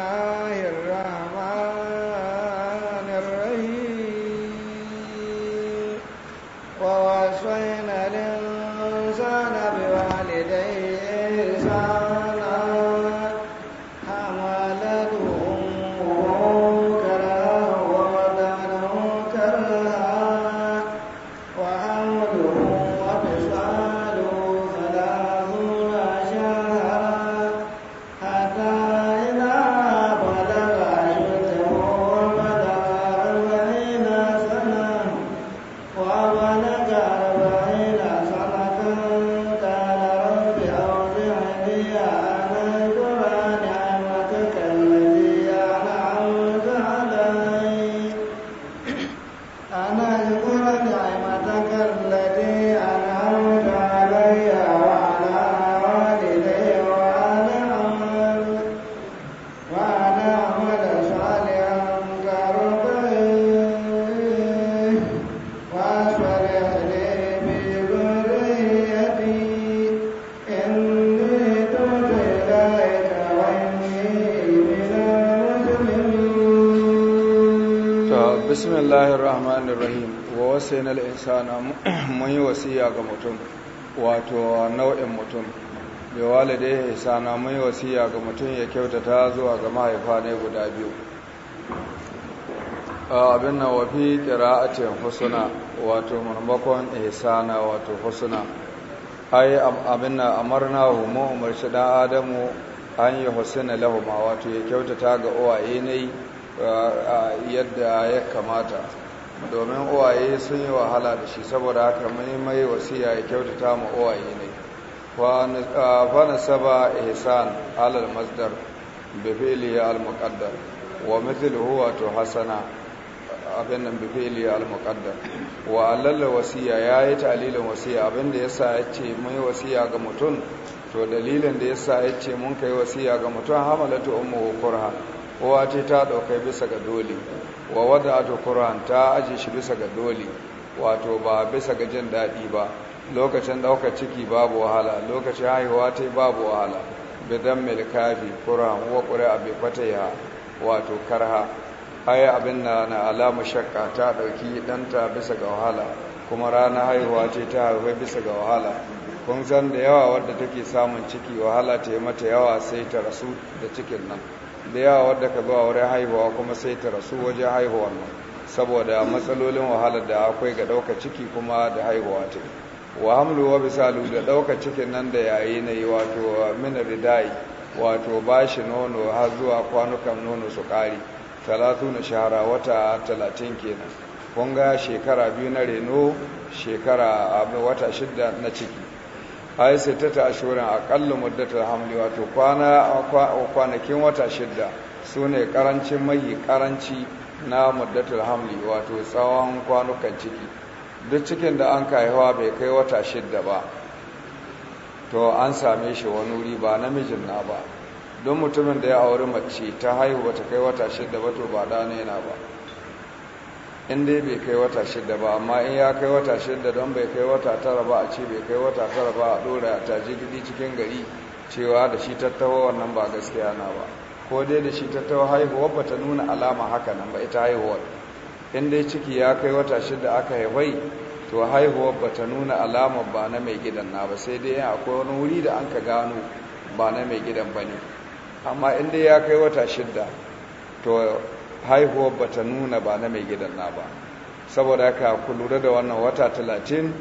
Ay, Allah. wasai na insana mun yi wasiya ga mutum wato nau'in mutum da walidai sana mun yi wasiya ga mutum ya kyautata zuwa ga mahaifa ne guda biyu abin na wafi cikin husuna wato maimakon sana, wato husna ai abin na amarna mu umarci dan adamu an yi husuna lahuma wato ya kyautata ga uwaye ne yadda ya kamata domin uwaye sun yi wahala da shi saboda haka mai mai wasiya ya kyautata ma uwaye ne fa nasaba ihsan alal masdar bi fi'li al muqaddar wa mithluhu huwa to hasana abin nan bi fi'li al muqaddar wa alal wasiya yayi ta'lilin wasiya abin da yasa yace mai wasiya ga mutum to dalilin da yasa yace mun kai wasiya ga mutum hamalatu ummuhu kurha uwa ce ta daukai bisa ga dole wa wadda a tukuran ta aji shi bisa ga dole wato ba bisa ga jin daɗi ba lokacin ɗaukar ciki babu wahala lokacin haihuwa ta babu wahala bidan kafi kuran wa bai fata ya wato karha ai abin na na alamu shakka ta ɗauki ɗanta bisa ga wahala kuma rana haihuwa ce ta haihuwa bisa ga wahala kun san da yawa wadda take samun ciki wahala ta yi mata yawa sai ta rasu da cikin nan da yawa wadda ka zuwa wurin haihuwa kuma sai ta rasu waje haihuwar nan saboda matsalolin wahalar da akwai ga ɗauka ciki kuma da haihuwa ta wa hamlu wa bisalu da ɗauka cikin nan da yayi na yi wato mina ridai wato ba shi nono har zuwa kwanukan nono su ƙari talatu na shahara wata talatin kenan kun ga shekara biyu na reno shekara wata shidda na ciki a ta ta a shurin muddatar hamli wato kwanakin wata shidda su ne karancin mai ƙaranci na muddatar hamli wato tsawon kwanukan ciki duk cikin da an kaiwa bai kai wata shidda ba to an same shi wani wuri ba namijin na ba don mutumin da ya auri mace ta haihu ba ta kai wata shidda ba to ba da yana ba in dai bai kai wata shida ba amma in ya kai wata shida don bai kai wata tara ba a ce bai kai wata tara ba a dora ta taji cikin gari cewa da shi tattawa wannan ba gaskiya na ba ko dai da shi tattawa haihuwar ba ta nuna alama haka nan ba ita haihuwar in dai ciki ya kai wata shida aka haifai to haihuwar ba ta nuna alama ba na mai gidan na ba sai dai akwai wani wuri da an ka gano ba na mai gidan ba ne amma in dai ya kai wata shida to haihuwar ba ta nuna ba na mai gidan na ba saboda haka ku lura da wannan wata talatin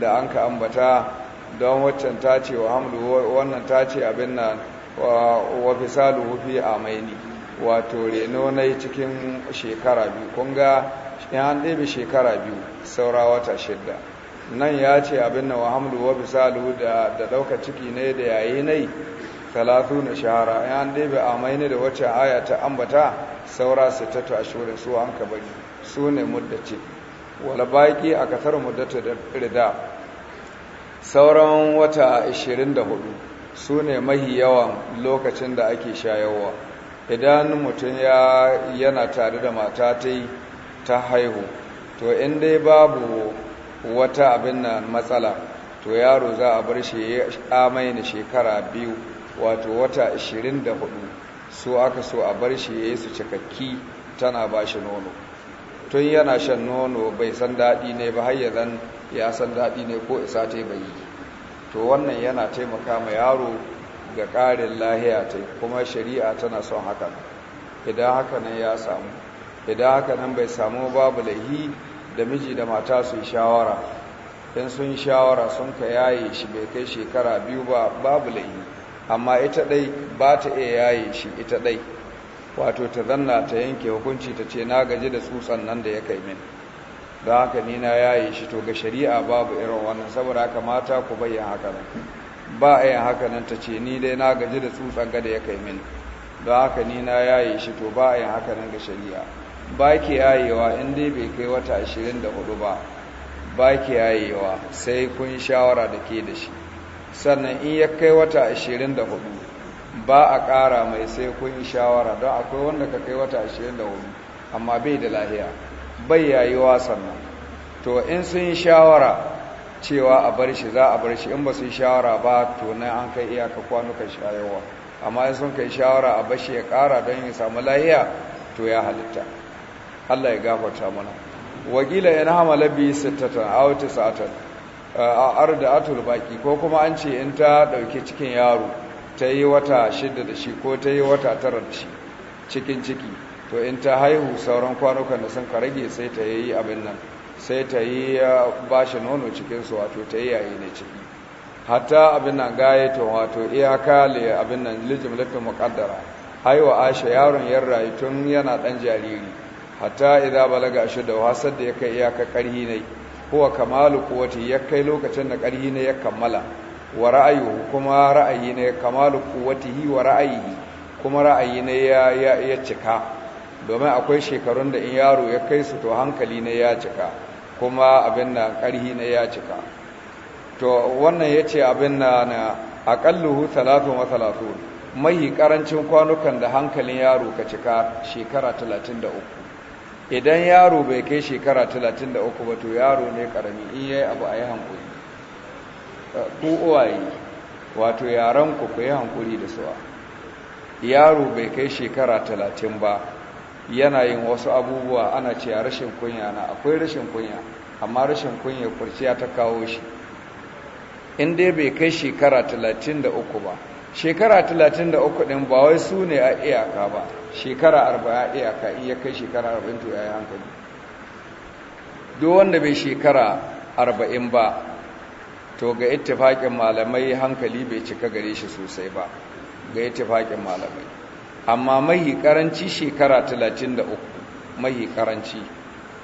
da an ka ambata don waccan ta ce wa hamlu wannan ta ce abin na wa fisalu hufi a maini wato reno na cikin shekara biyu kun ga an ɗebe shekara biyu saura wata shidda nan ya ce abin na wa hamlu wa fisalu da ɗaukar ciki ne da yayi nai talatu na shahara ya an ɗebe a maini da wacce aya ta ambata saura su ta ashirin su an ka bari su ne muddace wala baƙi a kasar muddata da rida sauran wata 24 da hudu su ne mahi yawan lokacin da ake shayarwa idan mutum yana tare da mata ta yi ta haihu to in dai babu wata abin nan matsala to yaro za a bar shi ya amai na shekara biyu wato wata 24 so aka so a bar shi ya yi su cikakki tana ba shi nono tun yana shan nono bai san daɗi ne ba har yanzu ya san daɗi ne ko isa ta bai yi to wannan yana taimaka ma yaro ga ƙarin lahiya ta kuma shari'a tana son hakan idan haka nan ya samu idan haka nan bai samu babu laihi da miji da mata sun shawara in sun shawara sun ka yaye shi bai kai shekara biyu ba babu laihi amma ita dai ba ta iya yaye shi ita dai wato ta zanna ta yanke hukunci ta ce na gaji da tsutsan nan da ya kai min don haka ni na yaye shi to ga shari'a babu irin wannan saboda haka mata ku bayyana haka nan ba a yin haka nan ta ce ni dai na gaji da tsutsan ga da ya kai min don haka ni na yaye shi to ba a yin haka nan ga shari'a ba ki yayewa in dai bai kai wata ashirin da hudu ba ba ki yayewa sai kun shawara da ke da shi sannan in ya kai wata 24 ba a ƙara mai sai kun shawara don akwai wanda ka kai wata 24 amma bai da lahiya bai yayuwa sannan to in sun shawara cewa a bar shi za a bar shi in ba su yi shawara ba to na an kai iyaka kwanukan shayarwa amma in sun kai shawara a shi ya kara don ya samu lahiya to ya halitta Allah ya gafarta mana wagila na hamala bi sittatan wata tis'atan a arda atul baki ko kuma an ce in ta ɗauki cikin yaro ta yi wata shidda da shi ko ta yi wata tara da shi cikin ciki to in ta haihu sauran kwanukan da sun ka rage sai ta yi abin nan sai ta yi ba shi nono cikinsu wato ta yi yayi ne ciki hatta abin nan gayeton wato iyaka le abin nan lafi muƙaddara haiwa ashe yaron yan rayu tun yana ɗan jariri hatta idza balaga da wasan da ya kai iyaka ƙarhi ne huwa kamalu kuwati ya kai lokacin da ƙarhi ne ya kammala wa ra'ayuhu kuma ra'ayi ne kamalu quwwatihi wa ra'ayihi kuma ra'ayi ne ya cika domin akwai shekarun da in yaro ya kai su to hankali ne ya cika kuma abin na ƙarhi ne ya cika to wannan yace abin na nan aqalluhu 33 mai ƙarancin kwanukan da hankalin yaro ka cika shekara uku. idan yaro bai kai shekara 33 ba to yaro ne karami in yayi abu a yi hankuri ku uwaye wato yaran ku ku yi hankuri da suwa yaro bai kai shekara 30 ba yana yin wasu abubuwa ana ce rashin kunya na akwai rashin kunya amma rashin kunya kurciya ta kawo shi in dai bai kai shekara 33 ba shekara 33 din ba wai su ne a iyaka ba shekara 40 a iyaka iya kai shekara 40 to yayi hankali duk wanda bai shekara 40 ba to ga ittifakin malamai hankali bai cika gare shi sosai ba ga ittifakin malamai amma mahi karanci shekara 33 mahi karanci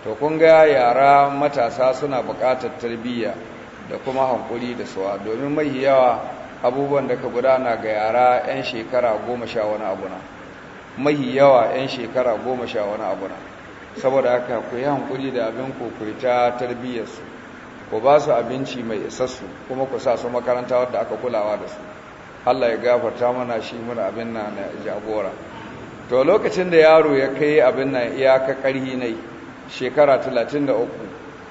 to kun ga yara matasa suna buƙatar tarbiyya da kuma hankuli da suwa domin mahi yawa abubuwan da ka gudana ga yara 'yan shekara goma sha wani abu mahi yawa 'yan shekara goma sha wani abu saboda haka ku yi hankuli da abin ku tarbiyyarsu ku ba su abinci mai isassu kuma ku sa su makaranta wadda aka kulawa da su Allah ya gafarta mana shi muna abin na na jagora to lokacin da yaro ya kai abin nan iyaka karhi ne shekara 33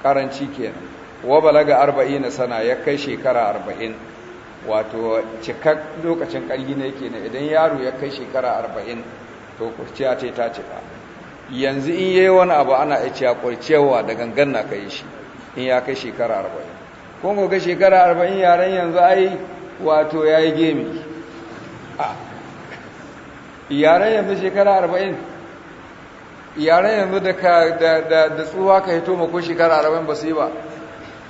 karanci kenan wa balaga 40 sana ya kai shekara arba'in. wato cika lokacin ƙarfi ne ke idan yaro ya kai shekara arba'in to kurciya ce ta cika yanzu in yi wani abu ana a kurcewa da gangan na yi shi in ya kai shekara arba'in kun ga shekara arba'in yaren yanzu ai wato ya yi gemi yaren yanzu shekara arba'in yaren yanzu da tsuwa ka hito ko shekara arba'in ba su yi ba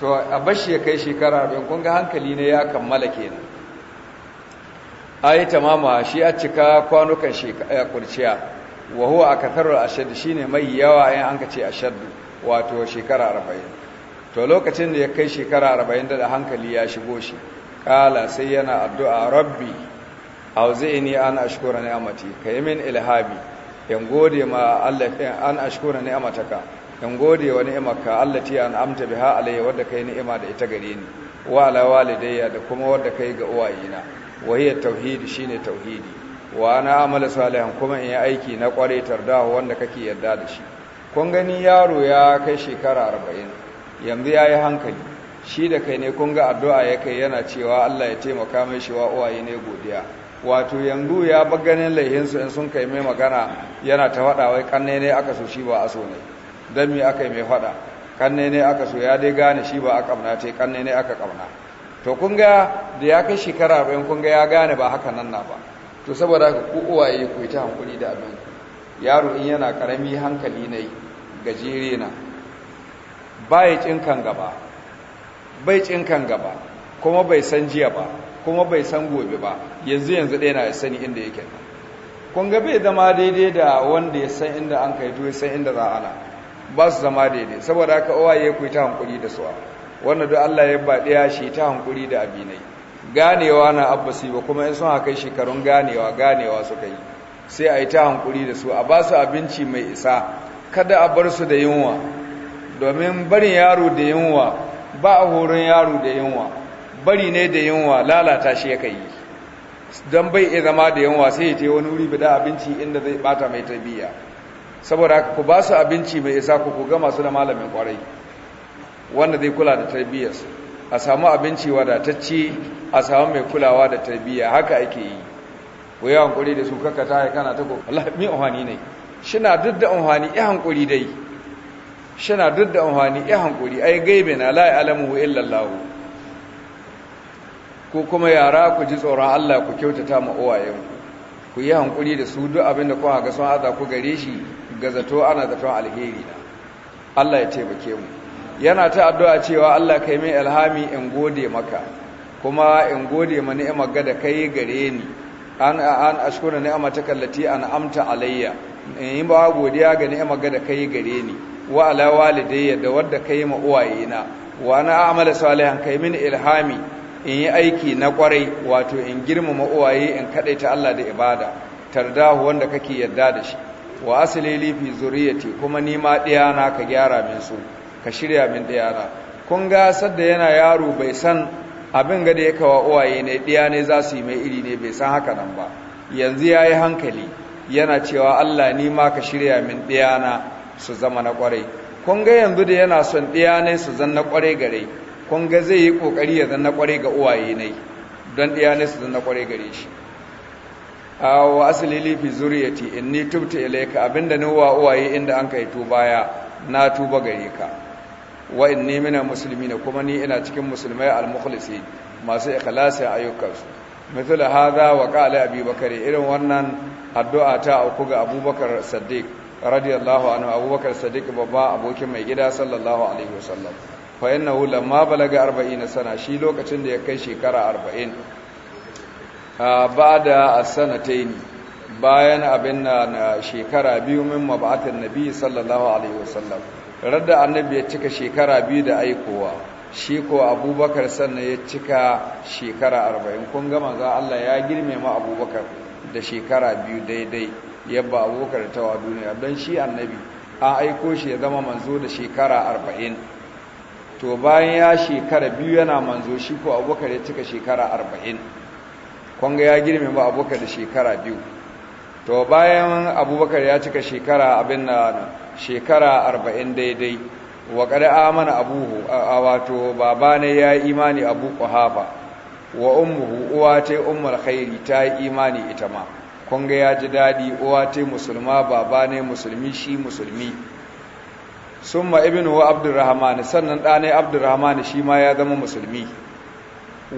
to a bashi ya kai shekara don kun ga hankali ne ya kammala kenan ayi tamama shi a cika kwanukan eh, kurciya wa huwa akatharul ashad shine mai yawa in an kace ashad wato shekara arba'in to lokacin da ya kai shekara arba'in da hankali ya shigo shi kala sai yana addu'a rabbi auzi'ni an ashkura ni'amati min ilhabi in gode ma Allah an ashkura ni'amataka in gode wa ni'imarka an amta biha alayya wadda kai ni'ima da ita gare ni wa ala walidayya da kuma wadda kai ga uwayena wa hiya tauhid shine tauhidi wa ana amala salihan kuma in yi aiki na kware tarda wanda kake yarda da shi kun gani yaro ya kai shekara 40 yanzu yayi hankali shi da kai ne kun ga addu'a ya kai yana cewa Allah ya taimaka mai shi wa uwaye ne godiya wato yanzu ya ganin laihinsu in sun kai mai magana yana ta faɗa wai kanne ne aka so shi ba a ne don aka yi mai faɗa kanne ne aka so ya dai gane shi ba a kamna ce kanne ne aka kamna to kun ga da ya kai shekara bayan kun ga ya gane ba haka nan na ba to saboda ka ku uwaye ku yi ta hankuli da abin yaro in yana karami hankali ne gajere na bai cinkan gaba bai cinkan gaba kuma bai san jiya ba kuma bai san gobe ba yanzu yanzu ɗaya na sani inda yake kun ga bai zama daidai da wanda ya san inda an kai to ya san inda za a na ba su zama daidai saboda haka uwaye ku ta hankuri da suwa wannan duk Allah ya ba daya shi ta hankuri da abinai ganewa na abbasi ba kuma in sun haka shekarun ganewa ganewa suka yi sai a yi ta hankuri da su a ba su abinci mai isa kada a bar su da yunwa domin barin yaro da yunwa ba a horon yaro da yunwa bari ne da yunwa lalata shi yaka yi don bai iya zama da yunwa sai ya ce wani wuri bada abinci inda zai bata mai tarbiyya saboda haka ku ba su abinci mai isa ku ku gama su da malamin kwarai wanda zai kula da su a samu abinci wadatacce a samu mai kulawa da tarbiyya haka ake yi ku yi hankuri da su kaka ta kana ta kuka Allah mi unhani ne na duk da unhani ya hankuri dai Shi na duk da unhani ya hankuri ai gaibe na la'ai alamu illa Allah Ko kuma yara ku ji tsoron Allah ku kyautata ma uwayenku ku yi hankuri da su duk abin da kuka ga sun aza ku gare shi gazato ana zaton alheri na Allah ya taimake mu yana ta addu'a cewa Allah kai mai alhami in gode maka kuma in gode ma ni'imar ga da kai gare ni an an ashkura kallati an amta alayya in yi ba godiya ga ni'imar ga da kai gare ni wa ala walidayya da wadda kai ma uwayena wa ana a'mala salihan kai min ilhami in yi aiki na kwarai wato in girmama uwaye in kadaita Allah da ibada tardahu wanda kake yarda da shi wa asali lifi zuriyati kuma nima ma ɗiyana ka gyara min su ka shirya min ɗiyana kun ga sadda yana yaro bai san abin ga da ya kawo uwaye ne ɗiya ne za su yi mai iri ne bai san haka nan ba yanzu ya yi hankali yana cewa allah nima ma ka shirya min ɗiyana su zama na ƙwarai kun ga yanzu da yana son ɗiya ne su zan na ƙwarai gare kun ga zai yi ƙoƙari ya zan na ƙwarai ga uwaye ne don ɗiya ne su zan na ƙwarai gare shi wa asali li fi zuriyati inni tubtu ilayka abinda ni wa uwaye inda an kai tuba baya na tuba gare ka wa inni mina muslimina kuma ni ina cikin musulmai al-mukhlisi masu ikhlasi ayyukansu mithla hadha wa qala abi bakari irin wannan addu'a ta auku ga abubakar saddiq radiyallahu anhu abubakar saddiq babba abokin mai gida sallallahu alaihi wasallam fa innahu lamma balaga 40 sana shi lokacin da ya kai shekara 40 ba da sanataini bayan abin na shekara biyu min na nabi sallallahu alaihi wasallam radda annabi ya cika shekara biyu da aikowa shi ko abubakar sannan ya cika shekara arba'in kun gama za Allah ya girme ma abubakar da shekara biyu daidai yabba abubakar ta wa duniya don shi annabi an aiko shi ya zama manzo da shekara arba'in to bayan ya shekara biyu yana manzo shi ko abubakar ya cika shekara arba'in kwanga ya girme ba abubakar da shekara biyu to bayan abubakar ya cika shekara abin da shekara arba'in daidai wa kada amana abuhu a wato babane ya yi imani abu kuhafa wa ummuhu uwa ta umar khairi ta yi imani ita ma kwanga ya ji daɗi uwa ta musulma babane musulmi shi musulmi summa ibnu wa abdurrahman sannan ɗanai abdurrahman shi ma ya zama musulmi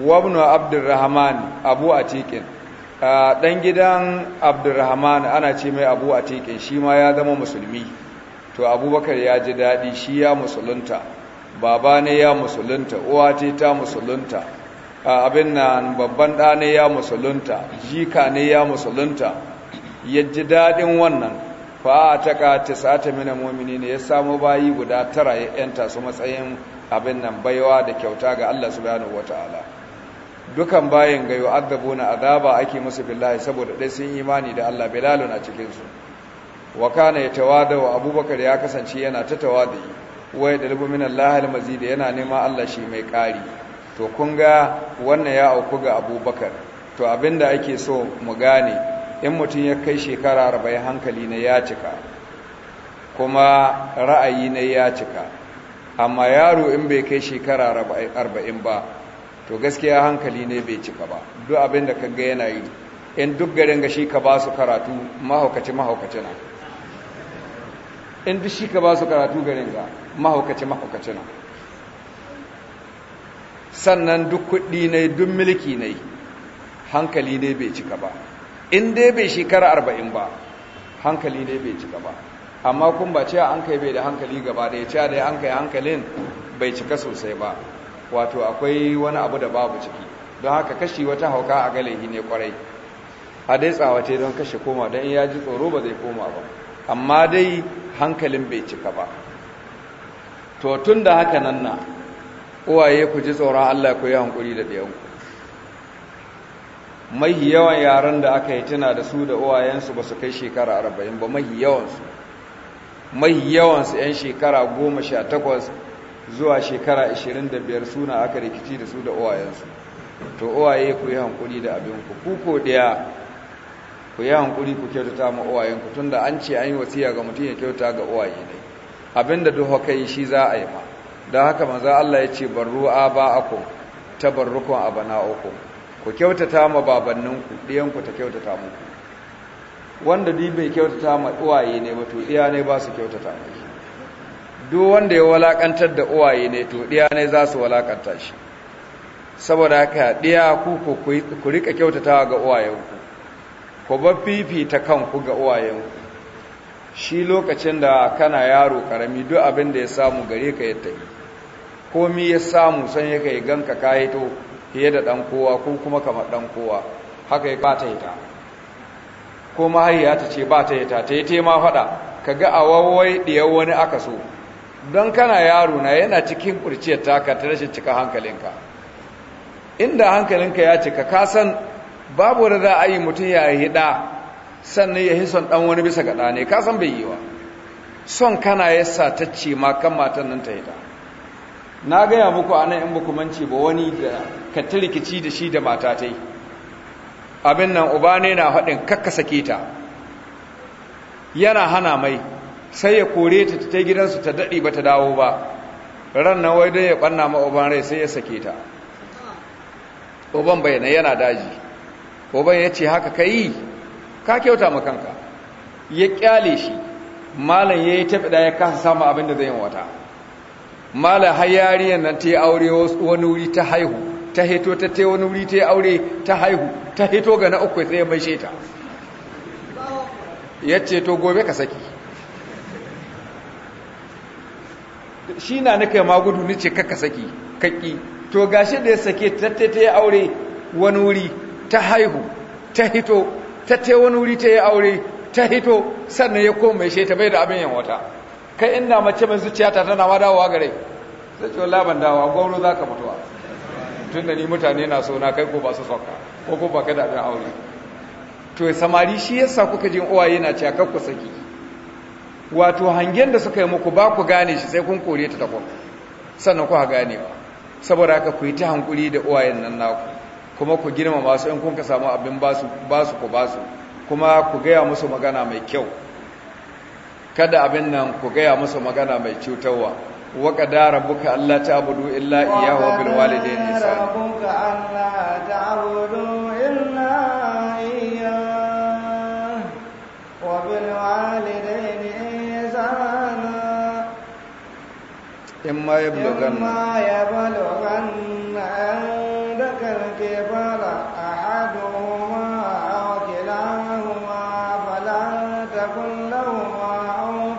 wabnu abdurrahman abu atiqin dan gidan abdurrahman ana ce mai abu atiqin shi ma ya zama musulmi to abubakar ya ji daɗi shi ya musulunta baba ne ya musulunta uwa ce ta musulunta abin nan babban ɗa ne ya musulunta jika ne ya musulunta ya ji daɗin wannan fa a taƙa tisata mina momini ne ya samu bayi guda tara ya yanta su matsayin abin nan baiwa da kyauta ga Allah subhanahu wata'ala dukan bayan ga adabu na azaba ake musu billahi saboda dai sun imani da Allah bilalun a cikinsu. su wa kana wa abubakar ya kasance yana ta waya wa yadlubu min Allah al-mazid yana nema Allah shi mai kari to kun ga wannan ya auku ga abubakar to abin abinda ake so mu gane in mutum ya kai shekara 40 hankali ne ya cika kuma ra'ayi ne ya cika amma yaro in bai kai shekara 40 ba to gaskiya hankali ne bai cika ba duk abin da kaga yana yi in duk garin ga shi ka ba su karatu mahaukaci mahaukaci na in duk shi ka ba su karatu garin ga mahaukaci mahaukaci na sannan duk kuɗi ne duk miliki ne hankali ne bai cika ba in dai bai shekara arba'in ba hankali ne bai cika ba amma kun ba ce an kai bai da hankali gaba da ya ce da ya an kai hankalin bai cika sosai ba wato akwai wani abu da babu ciki don haka kashi wata hauka a galihi ne kwarai a dai tsawace don kashe koma don ya ji tsoro ba zai koma ba amma dai hankalin bai cika ba to tun da haka nan na uwaye ku ji tsoron Allah ku yi hankuri da ɗayanku mahi yawan yaran da aka yi tuna da su da uwayensu ba su kai shekara arba'in ba mahi yawansu mahi yawansu 'yan shekara goma sha takwas zuwa shekara 25 suna aka rikici da su da uwayensu to uwaye ku yi hankuri da abinku ku ko daya ku yi hankuri ku kyautata ma uwayenku tunda an ce an yi wasiya ga mutum ya kyauta ga uwaye ne da duk haka yi shi za a yi ma don haka manzo Allah ya ce barru aba'akum ba a ku kyautata ma babanninku ɗiyanku ta kyautata muku wanda duk bai kyautata ma uwaye ne ba to iya ne ba su kyautata mai duk wanda ya walakantar da uwaye ne to diya ne za su walakanta shi saboda haka diya ku ku rika kyautatawa ga uwayenku ku ba fifita kanku ga uwayenku shi lokacin da kana yaro karami duk abin da ya samu gare ka ya tafi komi ya samu san ya kai ganka ka to fiye da dan kowa ko kuma kamar dan kowa haka ya bata hita ko mahaiya ta ce ba ta yi ta yi tema faɗa ka ga a wawai ɗiyar wani aka so don kana yaro na yana cikin kurciyar taka ta rashin cika hankalinka inda hankalinka ya cika kasan babu da za a yi mutum ya yi hida sannan ya hison dan wani bisa gaɗa ne, ka bai yi wa son kana ya ce ma kan matan nan ta hida na gaya muku a nan in muku ba wani da ka ta rikici da shi da mata ta yi abin nan uba ne na haɗin kakka sake ta yana hana mai sai ya kore ta ta gidansu ta daɗi ba ta dawo ba ran na wai don ya ɓanna ma rai sai ya sake ta uban bayanai yana daji uban ya ce haka ka yi ka kyauta ma kanka ya kyale shi malam ya yi tafi ya kasa samun abin da zai yin wata malam har nan ta yi aure wani wuri ta haihu ta hito ta ta wani wuri ta yi aure ta haihu ta hito ga na uku sai ya bai sheta ya ce to gobe ka saki shi na na kai magudu ni ce kaka saki kaki to gashi da ya sake tattai ta yi aure wani wuri ta haihu ta hito tattai wani wuri ta yi aure ta hito sannan ya koma shi ta bai da abin yan wata kai ina mace mai zuciya ta tana ma dawowa gare sai ce wala ban dawowa gwauro za ka mutuwa tun da ni mutane na so na kai ko ba su sauka ko ko ba ka da aure to samari shi yasa kuka jin uwaye na cewa kakku saki wato hangen da suka yi muku ba ku gane shi sai kun kore ta takwa sannan ku ha gane ba saboda haka ku yi ta hankuri da uwayen nan naku kuma ku girma masu in kun ka samu abin basu ku basu kuma ku gaya musu magana mai kyau kada abin nan ku gaya musu magana mai cutarwa waka da ka Allah ta abudu illa iyahu bil ta abudu in ma ya ya na an ke a haduhuma a kilahuma bala ta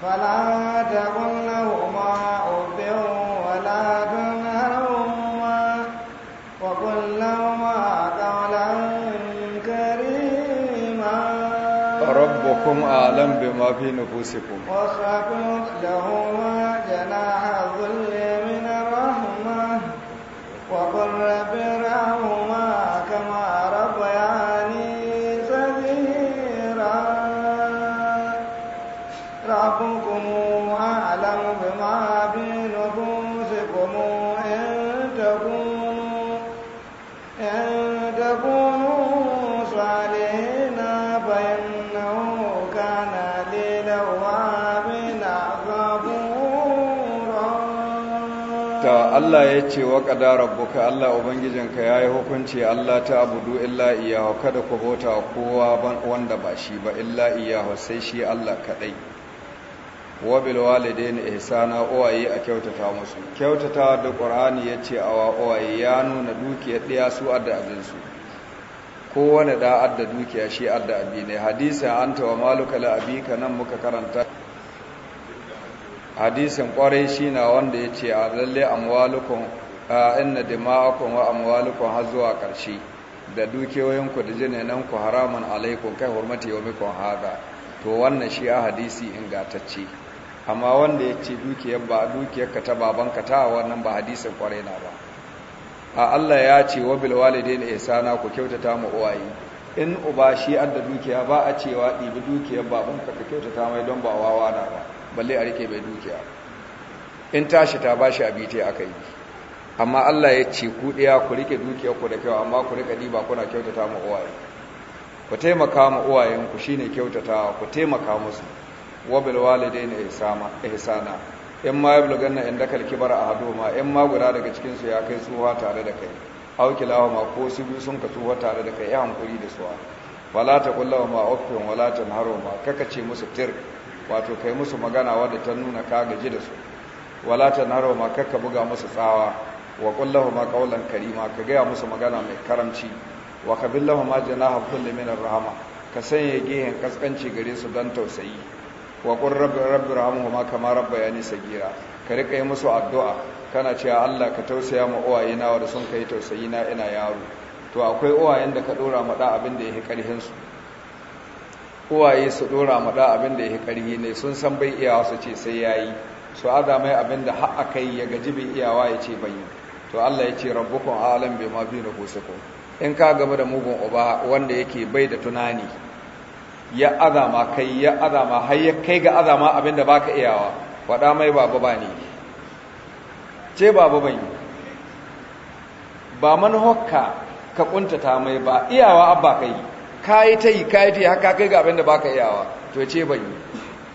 fala أعلم بما في نفوسكم وخفض لهما جناح الظل من الرحمة وقل رب ارحمهما كما رحمة Allah ya ce wa ƙadara buka Allah Ubangijinka ya yi hukunci Allah ta abudu illa iyawa kada ku bauta kowa wanda ba shi ba illa iyawa sai shi Allah kaɗai wa bil isa ihsana uwaye a kyautata musu kyautata da ƙorani ya ce awa uwaye ya nuna dukiyar ɗaya su adda abin su kowane da adda dukiya shi adda abi ne hadisi an tawa maluka abi ka nan muka karanta hadisin kwarai shi na wanda ya ce a lalle amwalukun a inna dima'akun wa amwalukun har zuwa ƙarshe da dukiyoyinku da jinenanku haramun alaikun kai hurmati yau mikon haɗa, to wannan shi a hadisi ingatacce amma wanda ya ce dukiyar ba dukiyar ka ta baban ka ta wannan ba hadisin kwarai na ba a Allah ya ce wa bil ya sana ku kyautata mu uwaye in uba shi adda dukiya ba a cewa ɗibi dukiyar babanka ka kyautata mai don ba wawa na ba balle a rike mai dukiya in tashi ta bashi abi ta aka yi amma Allah ya ce ku ɗaya ku rike dukiyar ku da kyau amma ku rika diba kuna kyautata ma uwaye ku taimaka ma uwayen ku shine kyautatawa ku taimaka musu wa bil walidaini ihsana in ma ganna inda kal kibara ma in ma guda daga cikin su ya kai tsuwa tare da kai aukilawa ma ko su bi sun ka tsuwa tare da kai ya hankuri da suwa wala ta kullawa ma uffin wala tanharu ma kaka ce musu tirk wato kai musu magana wadda ta nuna ka gaji da su wala tanharu ma kakka buga musu tsawa wa kullahu ma karima ka gaya musu magana mai karamci wa qabil ma janaha kulli min rahama ka sanya gehen kaskanci gare su don tausayi wa qur rabbi rabbi rahmuhuma kama rabbayani sagira ka rika yi musu addu'a kana cewa Allah ka tausaya ma uwayena na wanda sun kai tausayi na ina yaro to akwai uwayen da ka ɗora mada abin da ya yi su kowaye su dora maɗa abin da ya ƙarfi ne sun san bai iyawa su ce sai ya yi su ada mai abin da har ya gaji bai iyawa ya ce bai to Allah ya ce rabbukun alam bai ma biyu na kusurku in ka gaba da mugun uba wanda yake bai da tunani ya azama kai ya azama har ya kai ga azama abin da baka iyawa faɗa mai baba ba ne ce baba ban yi ba hokka ka ƙuntata mai ba iyawa abba ka yi kayi ta yi yi ta yi haka kai ga abin da baka iyawa to ce ban yi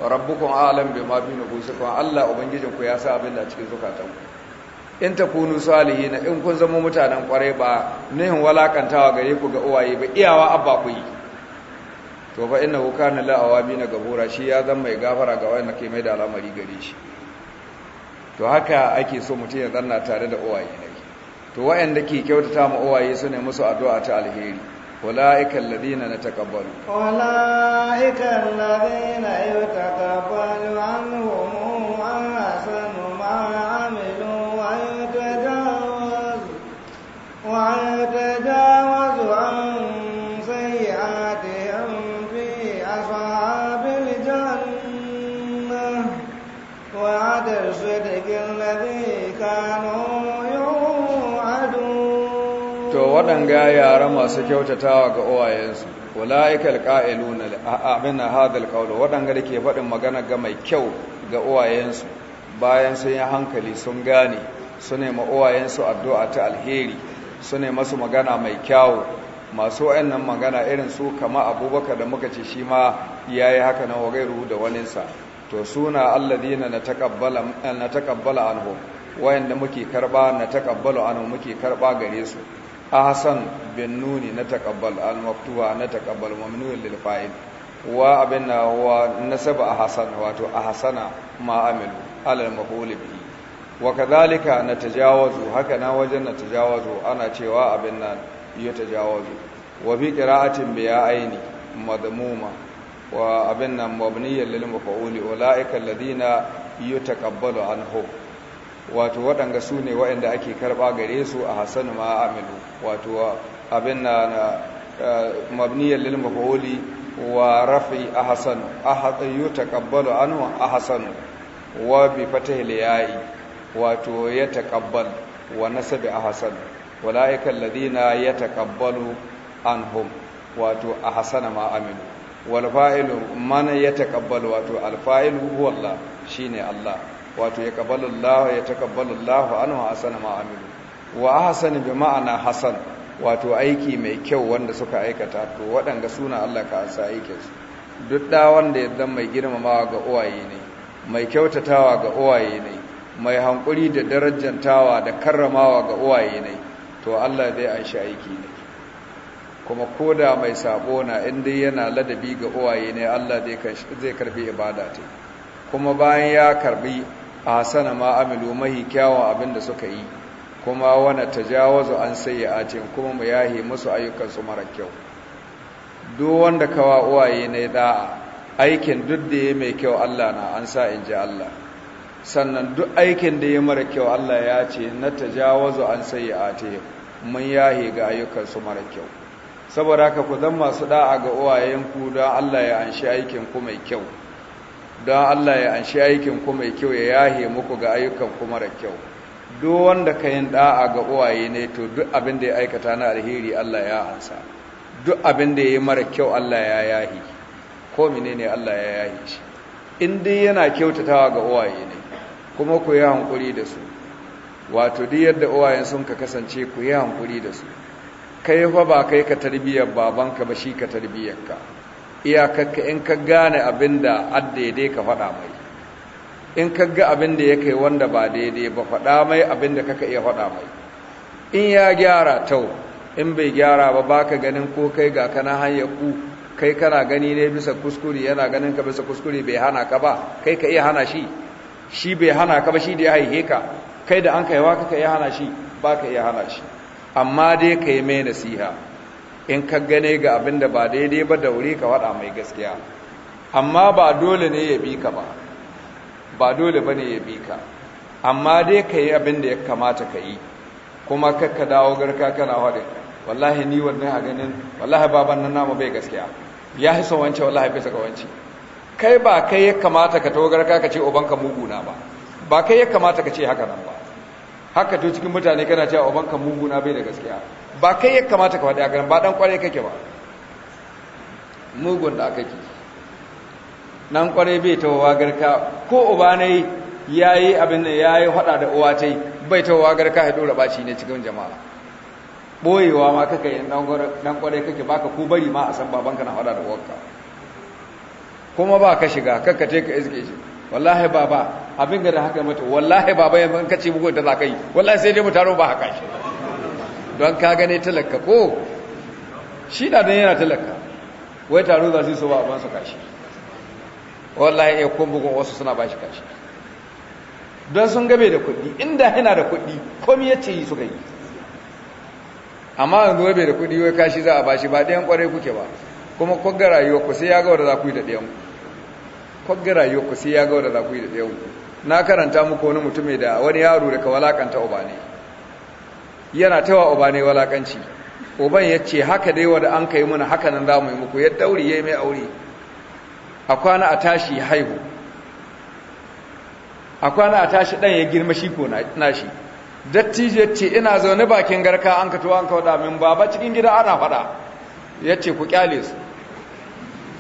rabbukun alam bima bi kuma Allah ubangijin ku ya sa abin da cikin zukatan ku in ta takunu salihin in kun zama mutanen kwarai ba nihin walakantawa gare ku ga uwaye ba iyawa abba ku yi to fa innahu kana la na gabura shi ya zama mai gafara ga wanda ke mai da al'amari gare shi to haka ake so mutum ya zanna tare da uwaye ne to wayanda ke kyautata ma uwaye su ne musu addu'a ta alheri أولئك الذين نتقبل أولئك الذين يتقبل عنهم أحسن ما عملوا ويتجاوز ويتجاوز عن سيئاتهم في أصحاب الجنة وعد الصدق الذي كانوا waɗanga yara masu kyautatawa ga uwayensu wala'ikal na abin hadal qawl waɗanga da ke faɗin magana ga mai kyau ga uwayensu bayan sun yi hankali sun gane su ne ma uwayensu addu'a ta alheri su ne masu magana mai kyawu masu wayannan magana irin su kama abubakar da muka ce shi ma ya yi haka na wagairu da waninsa to suna alladina na takabbala anhu wayan da muke karba na taqabbalu anhu muke karba gare su ahsan bin nuni na taqabbal al maftuha na taqabbal mamnun lil fa'il wa abinna wa nasaba ahsan wato ahsana ma amilu al maf'ul bihi wa kadhalika natajawazu haka na wajen natajawazu ana cewa abinna ya tajawazu wa bi qira'atin bi aini madmuma wa abinna mabniyan lil maf'ul ulaika alladhina yutaqabbalu anhu wato waɗanga su ne waɗanda ake karɓa gare su a Hassanu ma Aminu wato abin na eh, mabniyar lil holi wa rafi a a Hassanu ta ahadu taqabbalu a Hassanu wa bi ya yi wato ya ta ƙabbal wa nasabi ya ta ƙabbalu an hum wato a ahsana ma alfa'ilu wal ya ta ƙabbalu wato alfa'ilu fa'ilu shi ne shine Allah wato ya kabalu Allah ya takabbalu anhu hasana ma amilu wa ahsana bi ma'ana hasan wato aiki mai kyau wanda suka aikata to waɗanga suna Allah ka sa aikin su duk da wanda ya zama mai girmamawa ga uwaye ne mai kyautatawa ga uwaye ne mai hankuri da darajantawa da karramawa ga uwaye ne to Allah zai anshi aiki ne kuma koda mai sabo na inda yana ladabi ga uwaye ne Allah zai karbi ibada ta kuma bayan ya karbi a hasana ma amilu mahi kyawun abin da suka yi kuma wana tajawazu an sayyi'atin kuma mu yahi musu ayyukansu mara kyau duk wanda kawa uwaye ne da'a aikin duk da ya mai kyau Allah na an sa in ji Allah sannan duk aikin da ya mara kyau Allah ya ce na tajawazu an sayyi'atin mun yahi ga ayyukansu mara kyau saboda haka ku zan masu da'a ga uwayenku don Allah ya anshi aikin ku mai kyau don Allah ya anshi aikin ku mai kyau ya yahe muku ga ayyukan ku mara kyau duk wanda ka yin da'a ga uwaye ne to duk abin da ya aikata na alheri Allah ya ansa duk abin da ya yi mara kyau Allah ya yahi ko menene Allah ya yahe shi in dai yana kyautatawa ga uwaye ne kuma ku yi hankuri da su wato duk yadda uwayen sun ka kasance ku yi hankuri da su kai fa ba kai ka tarbiyyar babanka ba shi ka ka. iyakakka in ka gane abin da addaidai ka faɗa mai in ka ga abin da ya kai wanda ba daidai ba faɗa mai abin da kaka iya faɗa mai in ya gyara tau in bai gyara ba baka ganin ko kai ga kana hanyar ku kai kana gani ne bisa kuskure yana ganin ka bisa kuskure bai hana ka ba kai ka iya hana shi shi bai hana ka ba shi da ya haihe ka kai da an kaiwa ka iya hana shi ba ka iya hana shi amma dai ka yi mai nasiha in ka gane ga abin da ba daidai ba da wuri ka waɗa mai gaskiya amma ba dole ne ya bi ka ba ba dole ba ne ya bi ka amma dai ka yi abin da ya kamata ka yi kuma kakka dawo garka kana haɗe wallahi ni wannan a ganin wallahi baban nan namu bai gaskiya ya fi son wance wallahi bai saka wance kai ba kai ya kamata ka tawo garka ka ce ubanka muguna ba ba kai ya kamata ka ce haka nan ba haka to cikin mutane kana cewa ubanka muguna bai da gaskiya ba kai ya kamata ka faɗi a garin ba ɗan ƙwarai kake ba mugun da aka ke nan ƙwarai bai tawowa garka ko uba na yi ya yi abin da ya yi haɗa da uwa ta yi bai tawowa garka ya ɗora ɓaci ne cikin jama'a ɓoyewa ma kaka yin ɗan ƙwarai kake ba ka ku bari ma a san babanka na haɗa da uwarka kuma ba ka shiga kaka te ka iske shi wallahi baba abin da haka mata wallahi baba yamma in ka ce bugu da za ka yi wallahi sai dai mu taro ba haka shi don ka gane talaka ko shi na don yana talaka wai taro za su yi a ba su kashi wallahi ya eh, kumbugun wasu suna ba shi kashi don sun game da kuɗi inda yana da kuɗi komi ya ce yi su yi amma yanzu wabe bai da kuɗi wai kashi za a ba shi ba ɗayan ƙwarai kuke ba kuma kogar rayuwa ku sai ya ga wadda za ku yi da ɗayan kwagga rayuwa ku sai ya ga wadda za ku yi da ɗayan na karanta muku wani mutum da wani yaro da ka walakanta uba ne yana tawa uba ne walakanci uban ya ce haka dai wanda an kai muna haka nan za mu yi muku ya dauri ya yi mai aure a kwana a tashi ya haihu a kwana a tashi ɗan ya girma shi ko na shi dattijo ya ce ina zaune bakin garka an ka tuwa an ka wada min baba cikin gida ana faɗa ya ce ku kyale su